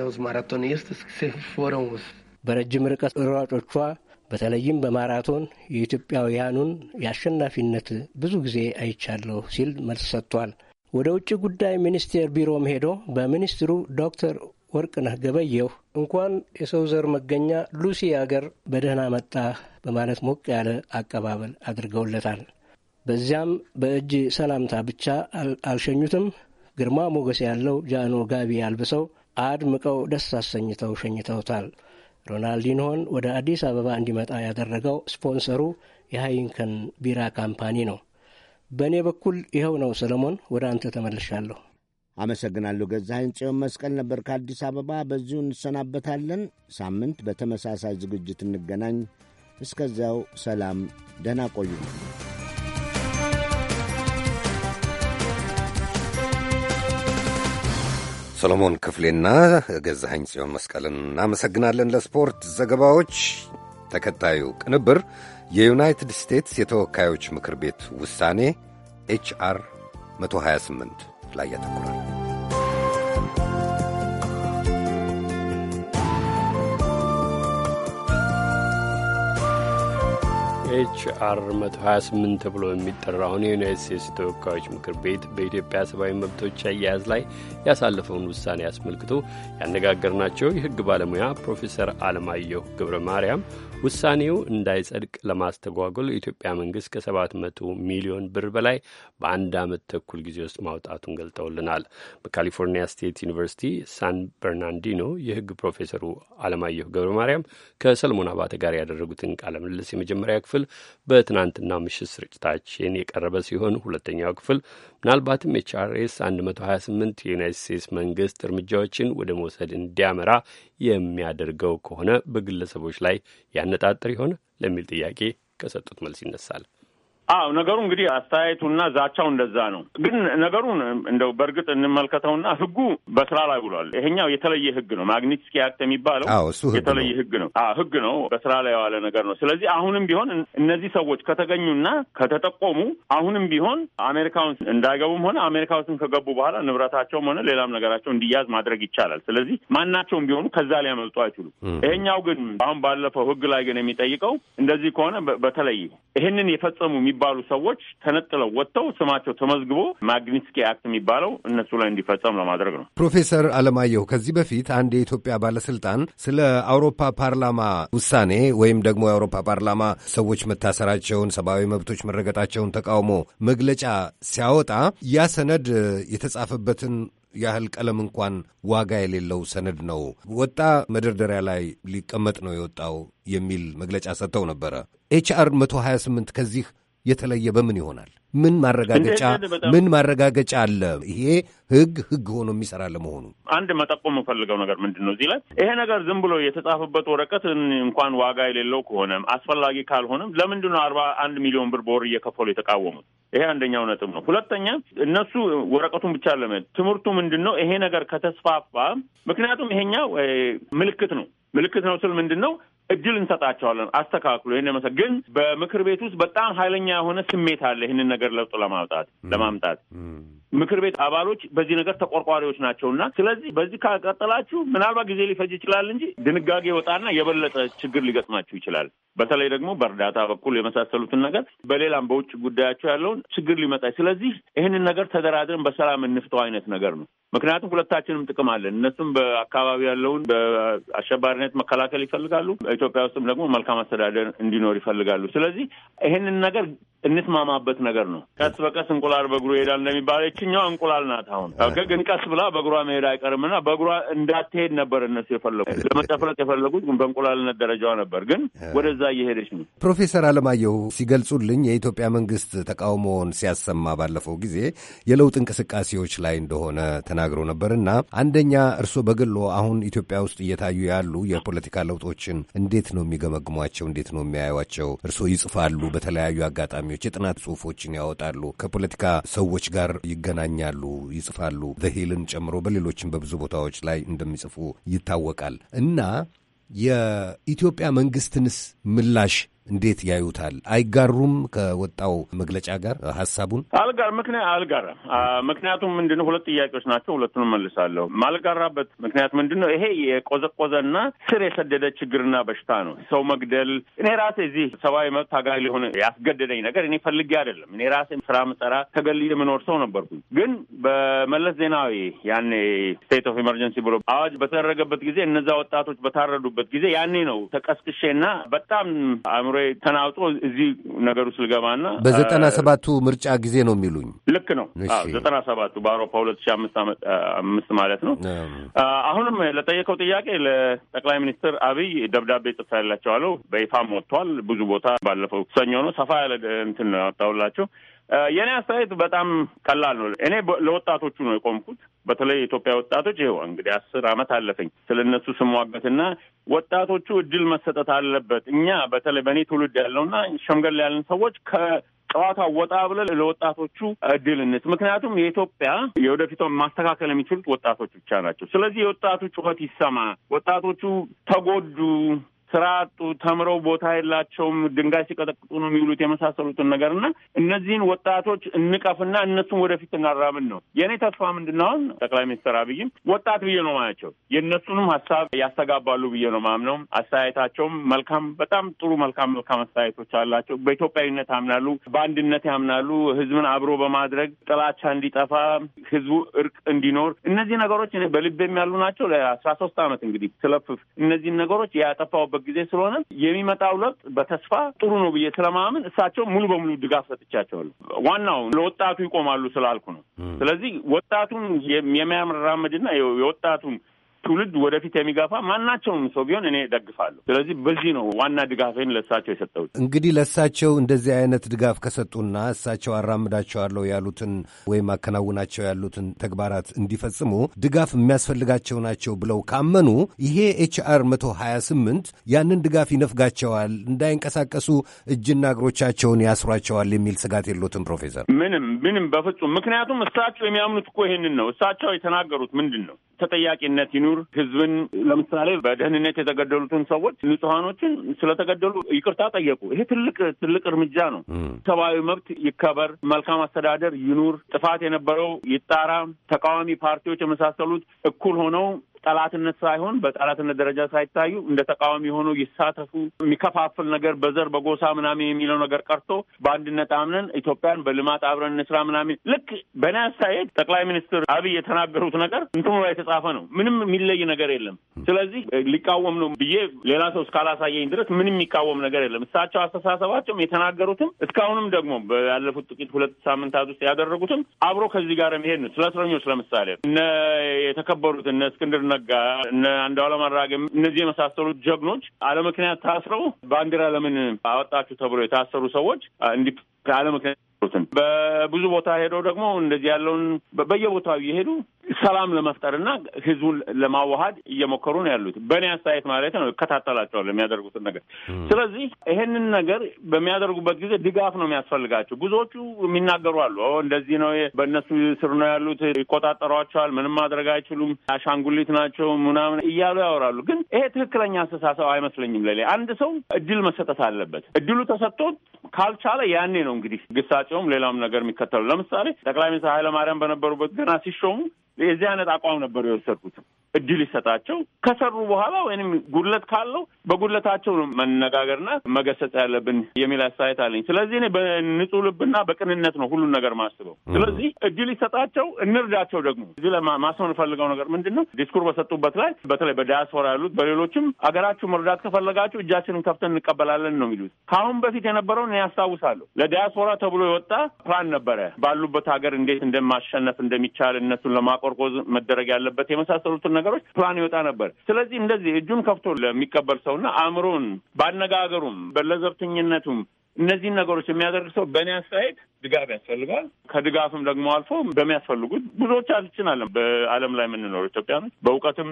ኦስ በረጅም ርቀት ሯጮቿ በተለይም በማራቶን የኢትዮጵያውያኑን የአሸናፊነት ብዙ ጊዜ አይቻለሁ ሲል መልስ ሰጥቷል። ወደ ውጭ ጉዳይ ሚኒስቴር ቢሮም ሄዶ በሚኒስትሩ ዶክተር ወርቅነህ ገበየሁ እንኳን የሰው ዘር መገኛ ሉሲ አገር በደህና መጣ በማለት ሞቅ ያለ አቀባበል አድርገውለታል። በዚያም በእጅ ሰላምታ ብቻ አልሸኙትም። ግርማ ሞገስ ያለው ጃኖ ጋቢ አልብሰው አድምቀው ደስ አሰኝተው ሸኝተውታል። ሮናልዲንሆን ወደ አዲስ አበባ እንዲመጣ ያደረገው ስፖንሰሩ የሃይንከን ቢራ ካምፓኒ ነው። በእኔ በኩል ይኸው ነው። ሰለሞን፣ ወደ አንተ ተመልሻለሁ። አመሰግናለሁ ገዛኸኝ። ጽዮን መስቀል ነበር ከአዲስ አበባ። በዚሁ እንሰናበታለን። ሳምንት በተመሳሳይ ዝግጅት እንገናኝ። እስከዚያው ሰላም፣ ደህና ቆዩ። ሰሎሞን ክፍሌና ገዛኸኝ ጽዮን መስቀልን እናመሰግናለን ለስፖርት ዘገባዎች። ተከታዩ ቅንብር የዩናይትድ ስቴትስ የተወካዮች ምክር ቤት ውሳኔ ኤችአር 128 ላይ ያተኩራል። ኤች አር 128 ተብሎ የሚጠራውን የዩናይት ስቴትስ ተወካዮች ምክር ቤት በኢትዮጵያ ሰብአዊ መብቶች አያያዝ ላይ ያሳለፈውን ውሳኔ አስመልክቶ ያነጋገርናቸው የሕግ ባለሙያ ፕሮፌሰር አለማየሁ ገብረ ማርያም ውሳኔው እንዳይጸድቅ ለማስተጓጎል የኢትዮጵያ መንግሥት ከ700 ሚሊዮን ብር በላይ በአንድ ዓመት ተኩል ጊዜ ውስጥ ማውጣቱን ገልጠውልናል። በካሊፎርኒያ ስቴት ዩኒቨርሲቲ ሳን በርናንዲኖ የሕግ ፕሮፌሰሩ አለማየሁ ገብረ ማርያም ከሰለሞን አባተ ጋር ያደረጉትን ቃለ ምልልስ የመጀመሪያ ክፍል ክፍል በትናንትና ምሽት ስርጭታችን የቀረበ ሲሆን ሁለተኛው ክፍል ምናልባትም ኤችአርኤስ 128 የዩናይትድ ስቴትስ መንግስት እርምጃዎችን ወደ መውሰድ እንዲያመራ የሚያደርገው ከሆነ በግለሰቦች ላይ ያነጣጥር ይሆን ለሚል ጥያቄ ከሰጡት መልስ ይነሳል። አዎ ነገሩ እንግዲህ አስተያየቱና ዛቻው እንደዛ ነው። ግን ነገሩን እንደው በእርግጥ እንመልከተውና ህጉ በስራ ላይ ውሏል። ይሄኛው የተለየ ህግ ነው። ማግኒትስኪ አክት የሚባለው የተለየ ህግ ነው። አዎ ህግ ነው፣ በስራ ላይ የዋለ ነገር ነው። ስለዚህ አሁንም ቢሆን እነዚህ ሰዎች ከተገኙና ከተጠቆሙ አሁንም ቢሆን አሜሪካ ውስጥ እንዳይገቡም ሆነ አሜሪካ ከገቡ በኋላ ንብረታቸውም ሆነ ሌላም ነገራቸው እንዲያዝ ማድረግ ይቻላል። ስለዚህ ማናቸውም ቢሆኑ ከዛ ሊያመልጡ አይችሉም። ይሄኛው ግን አሁን ባለፈው ህግ ላይ ግን የሚጠይቀው እንደዚህ ከሆነ በተለይ ይህንን የፈጸሙ የሚባሉ ሰዎች ተነጥለው ወጥተው ስማቸው ተመዝግቦ ማግኒስኪ አክት የሚባለው እነሱ ላይ እንዲፈጸም ለማድረግ ነው። ፕሮፌሰር አለማየሁ ከዚህ በፊት አንድ የኢትዮጵያ ባለስልጣን ስለ አውሮፓ ፓርላማ ውሳኔ ወይም ደግሞ የአውሮፓ ፓርላማ ሰዎች መታሰራቸውን፣ ሰብአዊ መብቶች መረገጣቸውን ተቃውሞ መግለጫ ሲያወጣ ያ ሰነድ የተጻፈበትን ያህል ቀለም እንኳን ዋጋ የሌለው ሰነድ ነው፣ ወጣ መደርደሪያ ላይ ሊቀመጥ ነው የወጣው የሚል መግለጫ ሰጥተው ነበረ። ኤችአር 128 ከዚህ የተለየ በምን ይሆናል? ምን ማረጋገጫ ምን ማረጋገጫ አለ? ይሄ ህግ ህግ ሆኖ የሚሰራ ለመሆኑ አንድ መጠቆም የምፈልገው ነገር ምንድን ነው እዚህ ላይ ይሄ ነገር ዝም ብሎ የተጻፈበት ወረቀት እንኳን ዋጋ የሌለው ከሆነም አስፈላጊ ካልሆነም ለምንድን ነው አርባ አንድ ሚሊዮን ብር በወር እየከፈሉ የተቃወሙት? ይሄ አንደኛው ነጥብ ነው። ሁለተኛ እነሱ ወረቀቱን ብቻ ለመ ትምህርቱ ምንድን ነው? ይሄ ነገር ከተስፋፋ ምክንያቱም ይሄኛው ምልክት ነው። ምልክት ነው ስል ምንድን ነው እድል እንሰጣቸዋለን፣ አስተካክሎ ይህን መሰ ግን በምክር ቤት ውስጥ በጣም ሀይለኛ የሆነ ስሜት አለ። ይህንን ነገር ለውጥ ለማምጣት ለማምጣት ምክር ቤት አባሎች በዚህ ነገር ተቆርቋሪዎች ናቸውና ስለዚህ በዚህ ካቀጠላችሁ ምናልባት ጊዜ ሊፈጅ ይችላል እንጂ ድንጋጌ ወጣና የበለጠ ችግር ሊገጥማችሁ ይችላል። በተለይ ደግሞ በእርዳታ በኩል የመሳሰሉትን ነገር በሌላም በውጭ ጉዳያቸው ያለውን ችግር ሊመጣ ስለዚህ ይህንን ነገር ተደራድረን በሰላም እንፍተው አይነት ነገር ነው። ምክንያቱም ሁለታችንም ጥቅም አለን። እነሱም በአካባቢ ያለውን በአሸባሪነት መከላከል ይፈልጋሉ። ኢትዮጵያ ውስጥም ደግሞ መልካም አስተዳደር እንዲኖር ይፈልጋሉ። ስለዚህ ይህንን ነገር እንስማማበት ነገር ነው። ቀስ በቀስ እንቁላል በእግሩ ይሄዳል እንደሚባለው ይችኛዋ እንቁላል ናት። አሁን ግን ቀስ ብላ በእግሯ መሄድ አይቀርም እና በእግሯ እንዳትሄድ ነበር እነሱ የፈለጉት ለመጨፍለቅ የፈለጉት በእንቁላልነት ደረጃዋ ነበር፣ ግን ወደዛ እየሄደች ነው። ፕሮፌሰር አለማየሁ ሲገልጹልኝ የኢትዮጵያ መንግስት ተቃውሞውን ሲያሰማ ባለፈው ጊዜ የለውጥ እንቅስቃሴዎች ላይ እንደሆነ ተናግሮ ነበር እና አንደኛ እርሶ በግሎ አሁን ኢትዮጵያ ውስጥ እየታዩ ያሉ የፖለቲካ ለውጦችን እንዴት ነው የሚገመግሟቸው? እንዴት ነው የሚያዩቸው? እርሶ ይጽፋሉ በተለያዩ አጋጣሚ ተርጓሚዎች የጥናት ጽሁፎችን ያወጣሉ፣ ከፖለቲካ ሰዎች ጋር ይገናኛሉ፣ ይጽፋሉ። ዘሂልን ጨምሮ በሌሎችም በብዙ ቦታዎች ላይ እንደሚጽፉ ይታወቃል እና የኢትዮጵያ መንግስትንስ ምላሽ እንዴት ያዩታል? አይጋሩም? ከወጣው መግለጫ ጋር ሀሳቡን አልጋር ምክንያት አልጋራም። ምክንያቱም ምንድን ነው ሁለት ጥያቄዎች ናቸው፣ ሁለቱንም መልሳለሁ። ማልጋራበት ምክንያት ምንድን ነው? ይሄ የቆዘቆዘና ስር የሰደደ ችግርና በሽታ ነው። ሰው መግደል እኔ ራሴ እዚህ ሰብአዊ መብት ታጋይ ሊሆን ያስገደደኝ ነገር እኔ ፈልጌ አይደለም። እኔ ራሴ ስራ ምጠራ ተገልዬ የምኖር ሰው ነበርኩኝ። ግን በመለስ ዜናዊ ያኔ ስቴት ኦፍ ኢመርጀንሲ ብሎ አዋጅ በተደረገበት ጊዜ እነዛ ወጣቶች በታረዱበት ጊዜ ያኔ ነው ተቀስቅሼና በጣም በጣም አእምሮ ተናውጦ እዚህ ነገር ነገሩ ስልገባና በዘጠና ሰባቱ ምርጫ ጊዜ ነው የሚሉኝ። ልክ ነው ዘጠና ሰባቱ በአውሮፓ ሁለት ሺ አምስት አምስት ማለት ነው። አሁንም ለጠየቀው ጥያቄ ለጠቅላይ ሚኒስትር አብይ ደብዳቤ ጽፋ ያላቸዋለሁ። በይፋም ወጥቷል። ብዙ ቦታ ባለፈው ሰኞ ነው ሰፋ ያለ እንትን ነው ያወጣሁላቸው። የእኔ አስተያየት በጣም ቀላል ነው። እኔ ለወጣቶቹ ነው የቆምኩት። በተለይ የኢትዮጵያ ወጣቶች ይኸው እንግዲህ አስር ዓመት አለፈኝ ስለ እነሱ ስሟገትና ወጣቶቹ እድል መሰጠት አለበት። እኛ በተለይ በእኔ ትውልድ ያለውና ሸምገል ያለን ሰዎች ጨዋታ ወጣ ብለን ለወጣቶቹ እድል እንስ ምክንያቱም የኢትዮጵያ የወደፊቷን ማስተካከል የሚችሉት ወጣቶች ብቻ ናቸው። ስለዚህ የወጣቱ ጩኸት ይሰማ። ወጣቶቹ ተጎዱ፣ ስራ አጡ፣ ተምረው ቦታ የላቸውም፣ ድንጋይ ሲቀጠቅጡ ነው የሚውሉት የመሳሰሉትን ነገር እና እነዚህን ወጣቶች እንቀፍና እነሱን ወደፊት እናራምን ነው የእኔ ተስፋ። ምንድን ነው አሁን ጠቅላይ ሚኒስትር አብይም ወጣት ብዬ ነው ማያቸው፣ የእነሱንም ሀሳብ ያስተጋባሉ ብዬ ነው ማምነው። አስተያየታቸውም መልካም፣ በጣም ጥሩ መልካም መልካም አስተያየቶች አላቸው። በኢትዮጵያዊነት ያምናሉ፣ በአንድነት ያምናሉ። ህዝብን አብሮ በማድረግ ጥላቻ እንዲጠፋ፣ ህዝቡ እርቅ እንዲኖር፣ እነዚህ ነገሮች በልቤም ያሉ ናቸው። ለአስራ ሶስት አመት እንግዲህ ስለፍፍ እነዚህን ነገሮች ያጠፋውበት ጊዜ ስለሆነ የሚመጣው ለውጥ በተስፋ ጥሩ ነው ብዬ ስለማመን እሳቸው ሙሉ በሙሉ ድጋፍ ሰጥቻቸዋለሁ። ዋናው ለወጣቱ ይቆማሉ ስላልኩ ነው። ስለዚህ ወጣቱን የሚያራምድና የወጣቱን ትውልድ ወደፊት የሚገፋ ማናቸውም ሰው ቢሆን እኔ ደግፋለሁ። ስለዚህ በዚህ ነው ዋና ድጋፌን ለእሳቸው የሰጠሁት። እንግዲህ ለእሳቸው እንደዚህ አይነት ድጋፍ ከሰጡና እሳቸው አራምዳቸዋለሁ ያሉትን ወይም አከናውናቸው ያሉትን ተግባራት እንዲፈጽሙ ድጋፍ የሚያስፈልጋቸው ናቸው ብለው ካመኑ ይሄ ኤች አር መቶ ሀያ ስምንት ያንን ድጋፍ ይነፍጋቸዋል፣ እንዳይንቀሳቀሱ እጅና እግሮቻቸውን ያስሯቸዋል የሚል ስጋት የሎትም ፕሮፌሰር? ምንም ምንም በፍጹም ምክንያቱም እሳቸው የሚያምኑት እኮ ይህንን ነው። እሳቸው የተናገሩት ምንድን ነው? ተጠያቂነት ይኑ ይኑር ህዝብን ለምሳሌ በደህንነት የተገደሉትን ሰዎች ንጹሐኖችን ስለተገደሉ ይቅርታ ጠየቁ። ይሄ ትልቅ ትልቅ እርምጃ ነው። ሰብአዊ መብት ይከበር፣ መልካም አስተዳደር ይኑር፣ ጥፋት የነበረው ይጣራ፣ ተቃዋሚ ፓርቲዎች የመሳሰሉት እኩል ሆነው ጠላትነት ሳይሆን በጠላትነት ደረጃ ሳይታዩ እንደ ተቃዋሚ ሆኖ ይሳተፉ። የሚከፋፍል ነገር በዘር በጎሳ ምናምን የሚለው ነገር ቀርቶ በአንድነት አምነን ኢትዮጵያን በልማት አብረን እንስራ ምናምን። ልክ በእኔ አስተያየት ጠቅላይ ሚኒስትር አብይ የተናገሩት ነገር እንትኑ ላይ የተጻፈ ነው። ምንም የሚለይ ነገር የለም። ስለዚህ ሊቃወም ነው ብዬ ሌላ ሰው እስካላሳየኝ ድረስ ምንም የሚቃወም ነገር የለም። እሳቸው አስተሳሰባቸውም የተናገሩትም እስካሁንም ደግሞ ያለፉት ጥቂት ሁለት ሳምንታት ውስጥ ያደረጉትም አብሮ ከዚህ ጋር የሚሄድ ነው። ስለ እስረኞች ለምሳሌ እነ የተከበሩት እነ እስክንድር ነጋ፣ እነ አንዱዓለም አራጌ እነዚህ የመሳሰሉት ጀግኖች አለምክንያት ታስረው ባንዲራ ለምን አወጣችሁ ተብሎ የታሰሩ ሰዎች እንዲህ አለምክንያት በብዙ ቦታ ሄደው ደግሞ እንደዚህ ያለውን በየቦታው እየሄዱ ሰላም ለመፍጠር ህዝቡን ለማዋሀድ እየሞከሩ ነው ያሉት። በእኔ አስተያየት ማለት ነው። እከታተላቸዋለሁ የሚያደርጉትን ነገር። ስለዚህ ይሄንን ነገር በሚያደርጉበት ጊዜ ድጋፍ ነው የሚያስፈልጋቸው። ብዙዎቹ የሚናገሩ አሉ። እንደዚህ ነው፣ በእነሱ ስር ነው ያሉት፣ ይቆጣጠሯቸዋል፣ ምንም ማድረግ አይችሉም፣ አሻንጉሊት ናቸው ምናምን እያሉ ያወራሉ። ግን ይሄ ትክክለኛ አስተሳሰብ አይመስለኝም። ለሌ አንድ ሰው እድል መሰጠት አለበት። እድሉ ተሰጥቶት ካልቻለ ያኔ ነው እንግዲህ ግሳቸውም ሌላም ነገር የሚከተሉ ለምሳሌ ጠቅላይ ሚኒስትር ኃይለማርያም በነበሩበት ገና ሲሾሙ የዚህ አይነት አቋም ነበር የወሰድኩት። እድል ይሰጣቸው ከሰሩ በኋላ ወይም ጉድለት ካለው በጉድለታቸው መነጋገርና መገሰጽ ያለብን የሚል አስተያየት አለኝ። ስለዚህ እኔ በንጹህ ልብና በቅንነት ነው ሁሉን ነገር ማስበው። ስለዚህ እድል ይሰጣቸው፣ እንርዳቸው። ደግሞ እዚህ ላይ እንፈልገው ነገር ምንድን ነው ዲስኩር በሰጡበት ላይ በተለይ በዲያስፖራ ያሉት በሌሎችም አገራችሁ መርዳት ከፈለጋችሁ እጃችንን ከፍተን እንቀበላለን ነው የሚሉት። ከአሁን በፊት የነበረውን እኔ ያስታውሳለሁ። ለዳያስፖራ ተብሎ የወጣ ፕላን ነበረ ባሉበት ሀገር እንዴት እንደማሸነፍ እንደሚቻል እነሱን ለማቆ ቆርቆዝ መደረግ ያለበት የመሳሰሉትን ነገሮች ፕላን ይወጣ ነበር። ስለዚህ እንደዚህ እጁን ከፍቶ ለሚቀበል ሰውና አእምሮን በአነጋገሩም በለዘብተኝነቱም እነዚህን ነገሮች የሚያደርግ ሰው በእኔ አስተያየት ድጋፍ ያስፈልጋል። ከድጋፍም ደግሞ አልፎ በሚያስፈልጉት ብዙዎቻችን አለን በዓለም ላይ የምንኖሩ ኢትዮጵያኖች በእውቀትም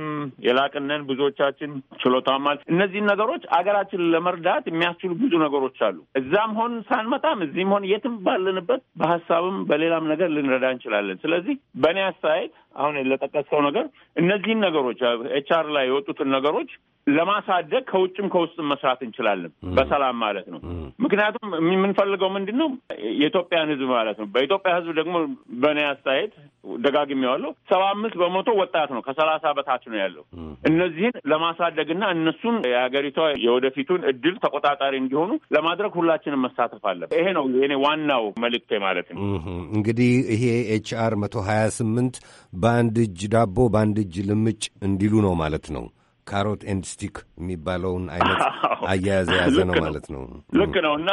የላቅነን ብዙዎቻችን ችሎታም አለ። እነዚህን ነገሮች አገራችን ለመርዳት የሚያስችሉ ብዙ ነገሮች አሉ። እዛም ሆን ሳንመጣም እዚህም ሆን የትም ባለንበት በሀሳብም በሌላም ነገር ልንረዳ እንችላለን። ስለዚህ በእኔ አስተያየት አሁን ለጠቀስከው ነገር እነዚህን ነገሮች ኤችአር ላይ የወጡትን ነገሮች ለማሳደግ ከውጭም ከውስጥም መስራት እንችላለን። በሰላም ማለት ነው። ምክንያቱም የምንፈልገው ምንድን ነው የኢትዮጵያ የኢትዮጵያን ህዝብ ማለት ነው። በኢትዮጵያ ህዝብ ደግሞ በእኔ አስተያየት ደጋግሜዋለሁ፣ ሰባ አምስት በመቶ ወጣት ነው፣ ከሰላሳ በታች ነው ያለው። እነዚህን ለማሳደግና እነሱን የሀገሪቷ የወደፊቱን እድል ተቆጣጣሪ እንዲሆኑ ለማድረግ ሁላችንም መሳተፍ አለን። ይሄ ነው የእኔ ዋናው መልእክቴ ማለት ነው። እንግዲህ ይሄ ኤች አር መቶ ሀያ ስምንት በአንድ እጅ ዳቦ በአንድ እጅ ልምጭ እንዲሉ ነው ማለት ነው። ካሮት ኤንድ ስቲክ የሚባለውን አይነት አያያዘ የያዘ ነው ማለት ነው። ልክ ነው። እና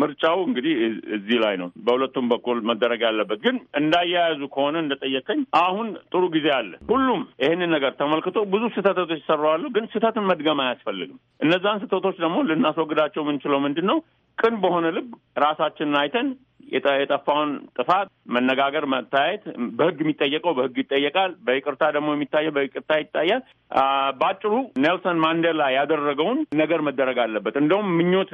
ምርጫው እንግዲህ እዚህ ላይ ነው፣ በሁለቱም በኩል መደረግ ያለበት ግን እንዳያያዙ ከሆነ እንደጠየቀኝ፣ አሁን ጥሩ ጊዜ አለ። ሁሉም ይህንን ነገር ተመልክቶ ብዙ ስህተቶች ይሰራዋሉ፣ ግን ስህተትን መድገም አያስፈልግም። እነዛን ስህተቶች ደግሞ ልናስወግዳቸው የምንችለው ምንድን ነው? ቅን በሆነ ልብ ራሳችንን አይተን የጠፋውን ጥፋት መነጋገር፣ መታየት በህግ የሚጠየቀው በህግ ይጠየቃል። በይቅርታ ደግሞ የሚታየው በይቅርታ ይታያል። በአጭሩ ኔልሰን ማንዴላ ያደረገውን ነገር መደረግ አለበት። እንደውም ምኞት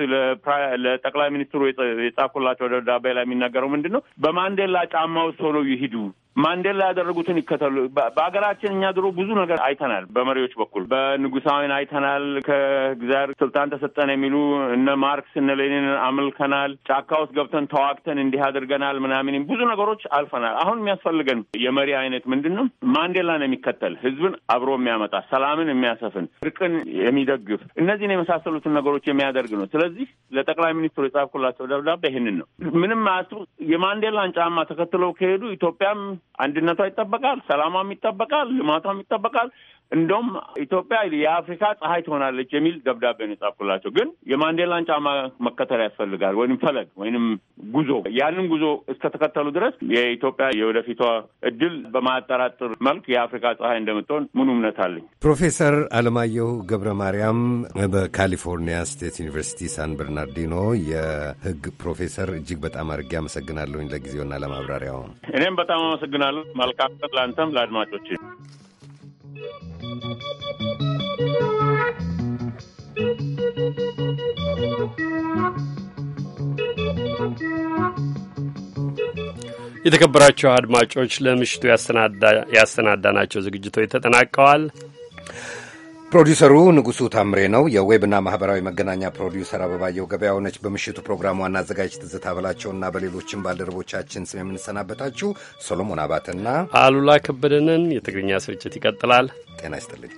ለጠቅላይ ሚኒስትሩ የጻፉላቸው ደብዳቤ ላይ የሚናገረው ምንድን ነው? በማንዴላ ጫማ ውስጥ ሆነው ይሂዱ ማንዴላ ያደረጉትን ይከተሉ። በሀገራችን እኛ ድሮ ብዙ ነገር አይተናል። በመሪዎች በኩል በንጉሳዊን አይተናል። ከእግዚአብሔር ስልጣን ተሰጠን የሚሉ እነ ማርክስ እነ ሌኒን አምልከናል። ጫካ ውስጥ ገብተን ተዋግተን እንዲህ አድርገናል ምናምን ብዙ ነገሮች አልፈናል። አሁን የሚያስፈልገን የመሪ አይነት ምንድን ነው? ማንዴላን የሚከተል ህዝብን አብሮ የሚያመጣ ሰላምን የሚያሰፍን እርቅን የሚደግፍ እነዚህን የመሳሰሉትን ነገሮች የሚያደርግ ነው። ስለዚህ ለጠቅላይ ሚኒስትሩ የጻፍኩላቸው ደብዳቤ ይህንን ነው። ምንም አያስቡ። የማንዴላን ጫማ ተከትለው ከሄዱ ኢትዮጵያም አንድነቷ ይጠበቃል፣ ሰላሟም ይጠበቃል፣ ልማቷም ይጠበቃል፣ እንደውም ኢትዮጵያ የአፍሪካ ፀሐይ ትሆናለች የሚል ደብዳቤ ነው የጻፍኩላቸው። ግን የማንዴላን ጫማ መከተል ያስፈልጋል ወይም ፈለግ ወይንም ጉዞ ያንን ጉዞ እስከተከተሉ ድረስ የኢትዮጵያ የወደፊቷ እድል በማያጠራጥር መልክ የአፍሪካ ፀሐይ እንደምትሆን ምኑ እምነት አለኝ። ፕሮፌሰር አለማየሁ ገብረ ማርያም በካሊፎርኒያ ስቴት ዩኒቨርሲቲ ሳን በርናርዲኖ የህግ ፕሮፌሰር፣ እጅግ በጣም አድርጌ አመሰግናለሁኝ ለጊዜውና ለማብራሪያው። እኔም በጣም አመሰግናለሁ። መልካም ለአንተም ለአድማጮች የተከበራቸው አድማጮች ለምሽቱ ያሰናዳናቸው ዝግጅቶች ተጠናቀዋል። ፕሮዲውሰሩ ንጉሡ ታምሬ ነው። የዌብና ማኅበራዊ መገናኛ ፕሮዲውሰር አበባየው ገበያው ነች። በምሽቱ ፕሮግራም ዋና አዘጋጅ ትዝታ በላቸውና በሌሎችም ባልደረቦቻችን ስም የምንሰናበታችሁ ሶሎሞን አባትና አሉላ ከበደንን። የትግርኛ ስርጭት ይቀጥላል። ጤና ይስጥልኝ።